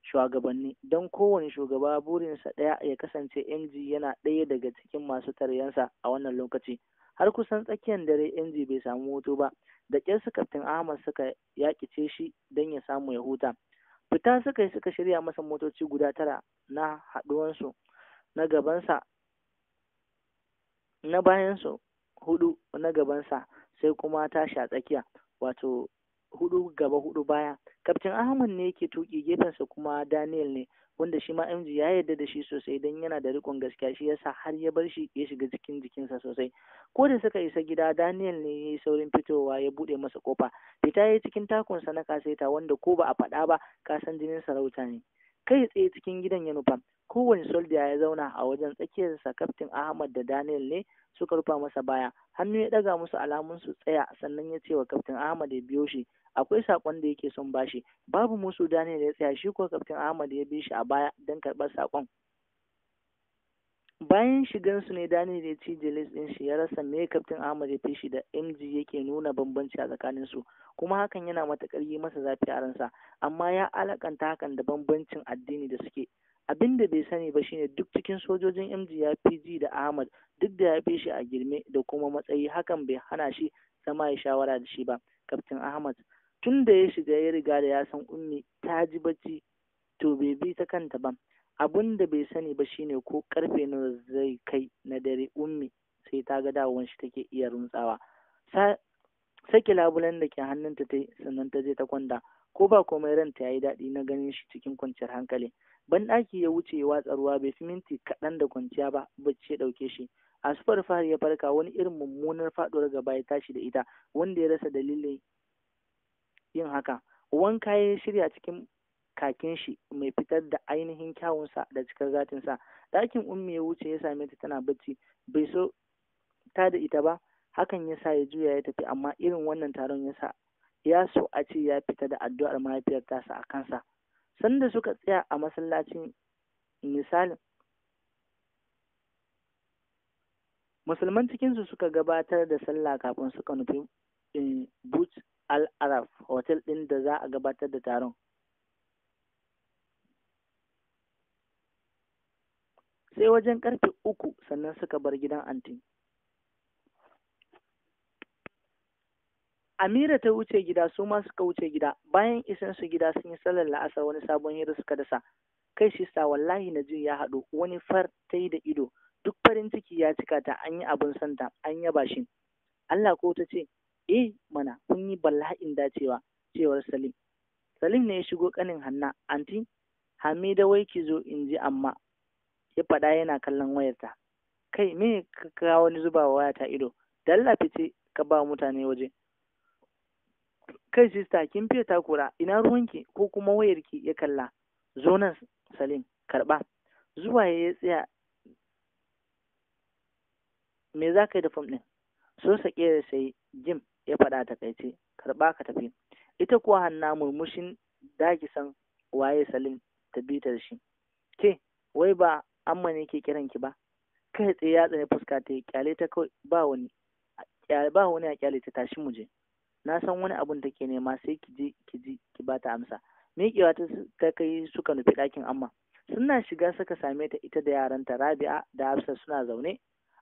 shugabanni don kowane shugaba burinsa ɗaya ya kasance MG yana ɗaya daga cikin masu taryansa a wannan lokaci har kusan tsakiyar dare MG bai samu hutu ba da ƙyar su kaftin Ahmad suka yakice shi don ya samu ya huta fita suka yi suka shirya masa motoci guda tara na haɗuwansu na gabansa na bayansu hudu na gabansa sai kuma tashi a tsakiya wato hudu gaba hudu baya kaftin ahmad ne yake tuki gefensa kuma daniel ne wanda shi ma mg ya yarda da shi sosai don yana da rikon gaskiya shi yasa har ya bar shi ya shiga cikin jikinsa sosai ko da suka isa gida daniel ne ya yi saurin fitowa ya bude masa kofa fita ya cikin takunsa na kaseta wanda ko ba a faɗa ba kasan jinin sarauta ne kai tsaye cikin gidan ya nufa kowane soldier ya zauna a wajen tsakiyarsa kaftin ahmad da daniel ne suka rufa masa baya hannu ya daga musu alamun su tsaya sannan ya ce wa kaftin ahmad ya biyo shi akwai sakon da yake son bashi babu musu daniel ya tsaya shi ko kaftin ahmad ya bi shi a baya don karɓar sakon bayan su ne daniel ya ci jelis din shi ya rasa me kaftin ahmad ya fi shi da mg yake nuna bambanci a tsakanin su kuma hakan yana matakar yi masa zafi a ransa amma ya alakanta hakan da bambancin addini da suke abin da bai sani ba shine duk cikin sojojin mg ya fi ji da ahmad duk da ya fi shi a girme da kuma matsayi hakan bai hana shi zama ya shawara da shi ba kaftin ahmad tun da ya shiga ya riga da ya san ummi ta ji bacci to bai bi ta kanta ba Abun da bai sani ba shine ko karfe nawa zai kai na dare ummi sai ta ga dawowar shi take iya runtsawa sake labulen da ke hannunta ta sannan ta je ta kwanda ko ba komai ranta ya yi daɗi na ganin shi cikin kwanciyar hankali banɗaki ya wuce ya watsa ruwa bai fi minti kaɗan da kwanciya ba bacci ya ɗauke shi asufar fari ya farka wani irin mummunar faɗuwar gaba ya tashi da ita wanda ya rasa dalilin yin haka wanka ya shirya cikin kakin shi mai fitar da ainihin kyawunsa da cikar zatinsa ɗakin ummi ya wuce ya same ta tana bacci bai so ta da ita ba hakan ya sa ya juya ya tafi amma irin wannan taron ya sa ya so a ce ya fita da addu'ar mahaifiyar tasa a kansa sanda suka tsaya a masallacin misalin musulman cikinsu suka gabatar da sallah kafin suka nufi eh, but al-araf hotel ɗin da za a gabatar da taron sai wajen karfe uku sannan suka bar gidan antin Amira ta wuce gida su ma suka wuce gida bayan isan su gida sun yi sallar la'asar wani sabon hira suka dasa kai shi sa wallahi na jin ya haɗu wani far ta yi da ido duk farin ciki ya cika ta an yi abin santa an yaba shi Allah ko ta ce eh mana kun yi bala'in dacewa cewar salim salim ne ya shigo kanin hanna anti hamida wai ki zo in ji amma ya faɗa yana kallon wayarta kai me ka kawo wani zuba wa wayata ido dalla fice ka ba mutane waje kai sista kin fiye takura ina ruwanki ko kuma wayarki ya kalla zo nan salim karɓa zuwa ya tsaya me za ka yi da fam ɗin so sake da sai jim ya faɗa a takaice karɓa ka tafi ita kuwa hanna murmushin san waye salim ta bitar shi ke wai ba amma ne ke kiran ki ba kai tsaye ya tsane fuska ta yi kyale ta kawai ba wani a kyale ta tashi mu je na san wani abun take nema sai ki je ki ji ki ba ta amsa miƙewa ta kai suka nufi ɗakin amma suna shiga suka same ta ita da yaranta rabi'a da hafsa suna zaune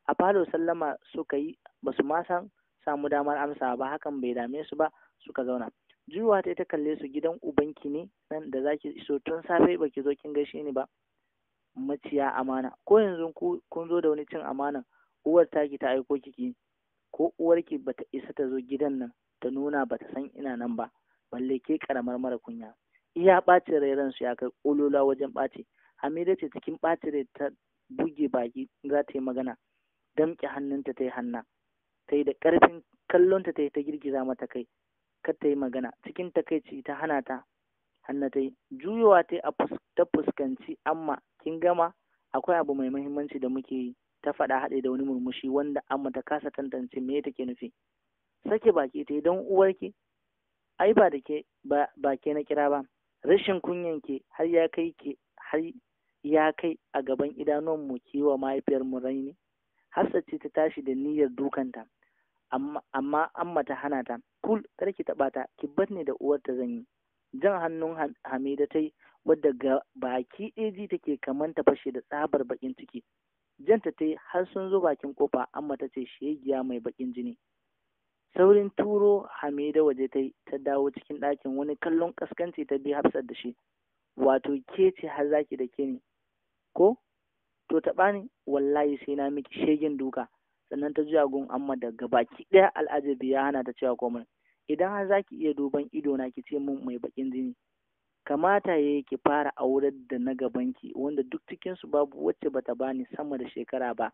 a falo sallama suka yi ba su ma san samu damar amsa ba hakan bai dame su ba suka zauna juwa ta ta kalle su gidan ubanki ne nan da zaki iso tun safe ba ki zo kin gaishe ni ba maciya amana ko yanzu kun zo da wani cin amana? uwar taki ta aiko kiki ko uwarki bata isa ta zo gidan nan ta nuna bata san ina nan ba balle ke karamar mara kunya iya ɓacin rai ransu ya kai wajen ɓaci hamida ce cikin ɓacin rai ta buge baki za ta yi magana damƙe hannunta ta yi hanna ta yi da ƙarfin kallonta ta yi ta girgiza mata kai kar ta yi magana cikin takaici ta hana ta hanna ta yi juyowa ta ta fuskanci amma kin gama akwai abu mai muhimmanci da muke yi ta faɗa haɗe da wani murmushi wanda amma ta kasa tantance me ke nufi sake baki ta yi don uwarki ai ba da ke ba ke na kira ba rashin kunyan ke har ya kai ke har ya kai a gaban idanunmu kiwa mahaifiyarmu raini Hassan ce ta tashi da niyyar dukanta amma amma ta hana ta kul kar ki taɓa ta ki bar ni da uwarta zan yi jan hannun hamida ta yi wadda ga baki ɗaya take kamar ta fashe da tsabar bakin ciki janta ta yi har sun zo bakin kofa amma ta ce shegiya mai bakin jini saurin turo hamida waje ta yi ta dawo cikin ɗakin wani kallon kaskanci ta bi hafsar da shi wato ke ce har zaki da ke ni, ko to taɓa ni wallahi sai na miki shegin duka sannan ta juya gun amma da baki ɗaya al'ajabi ya hana ta cewa komai idan har zaki iya duban ido na ki ce min mai bakin jini kamata ya ki fara aurar da na gaban ki, wanda duk cikin su babu wacce bata bani sama da shekara ba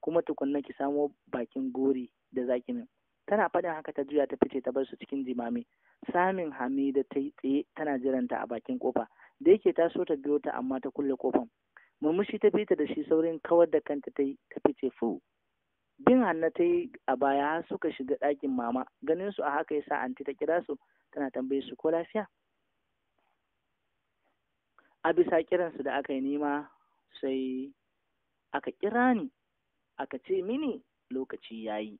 kuma tukunna ki samo bakin gori da zaki min tana faɗin haka ta juya ta fice ta bar su cikin jimami samin hamida ta yi tsaye tana jiranta a bakin kofa da yake ta so ta biyo ta amma ta kulle kofan murmushi ta fita da shi saurin kawar da kanta ta yi ta fice fu bin hannu ta yi a baya suka shiga ɗakin mama ganin su a haka yasa anti ta kira su tana tambaye su ko lafiya a bisa kiransu da aka yi nima sai aka kira ni aka ce mini lokaci ya yi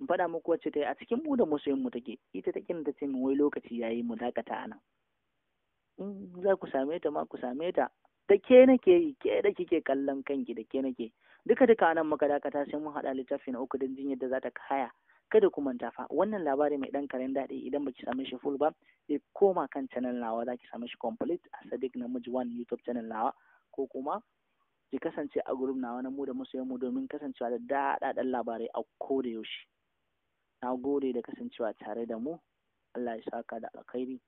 in faɗa muku wacce ta yi a cikin buɗe musu mu take ita ta kira ta ce min wai lokaci ya yi mu dakata a nan in za ku same ta ma ku same ta da ke nake yi ke da kike kallon kanki da ke nake duka duka anan muka dakata sai mun haɗa littafi na uku don jin yadda za ta kaya kada ku manta fa wannan labari mai dan karen daɗi idan ba ki same shi full ba zai koma kan channel nawa zaki same shi complete a sadiq namiji one youtube channel nawa ko kuma ki kasance a group nawa na mu da musu mu domin kasancewa da daɗaɗɗen labarai a koda yaushe na gode da kasancewa tare da mu Allah ya saka da alkhairi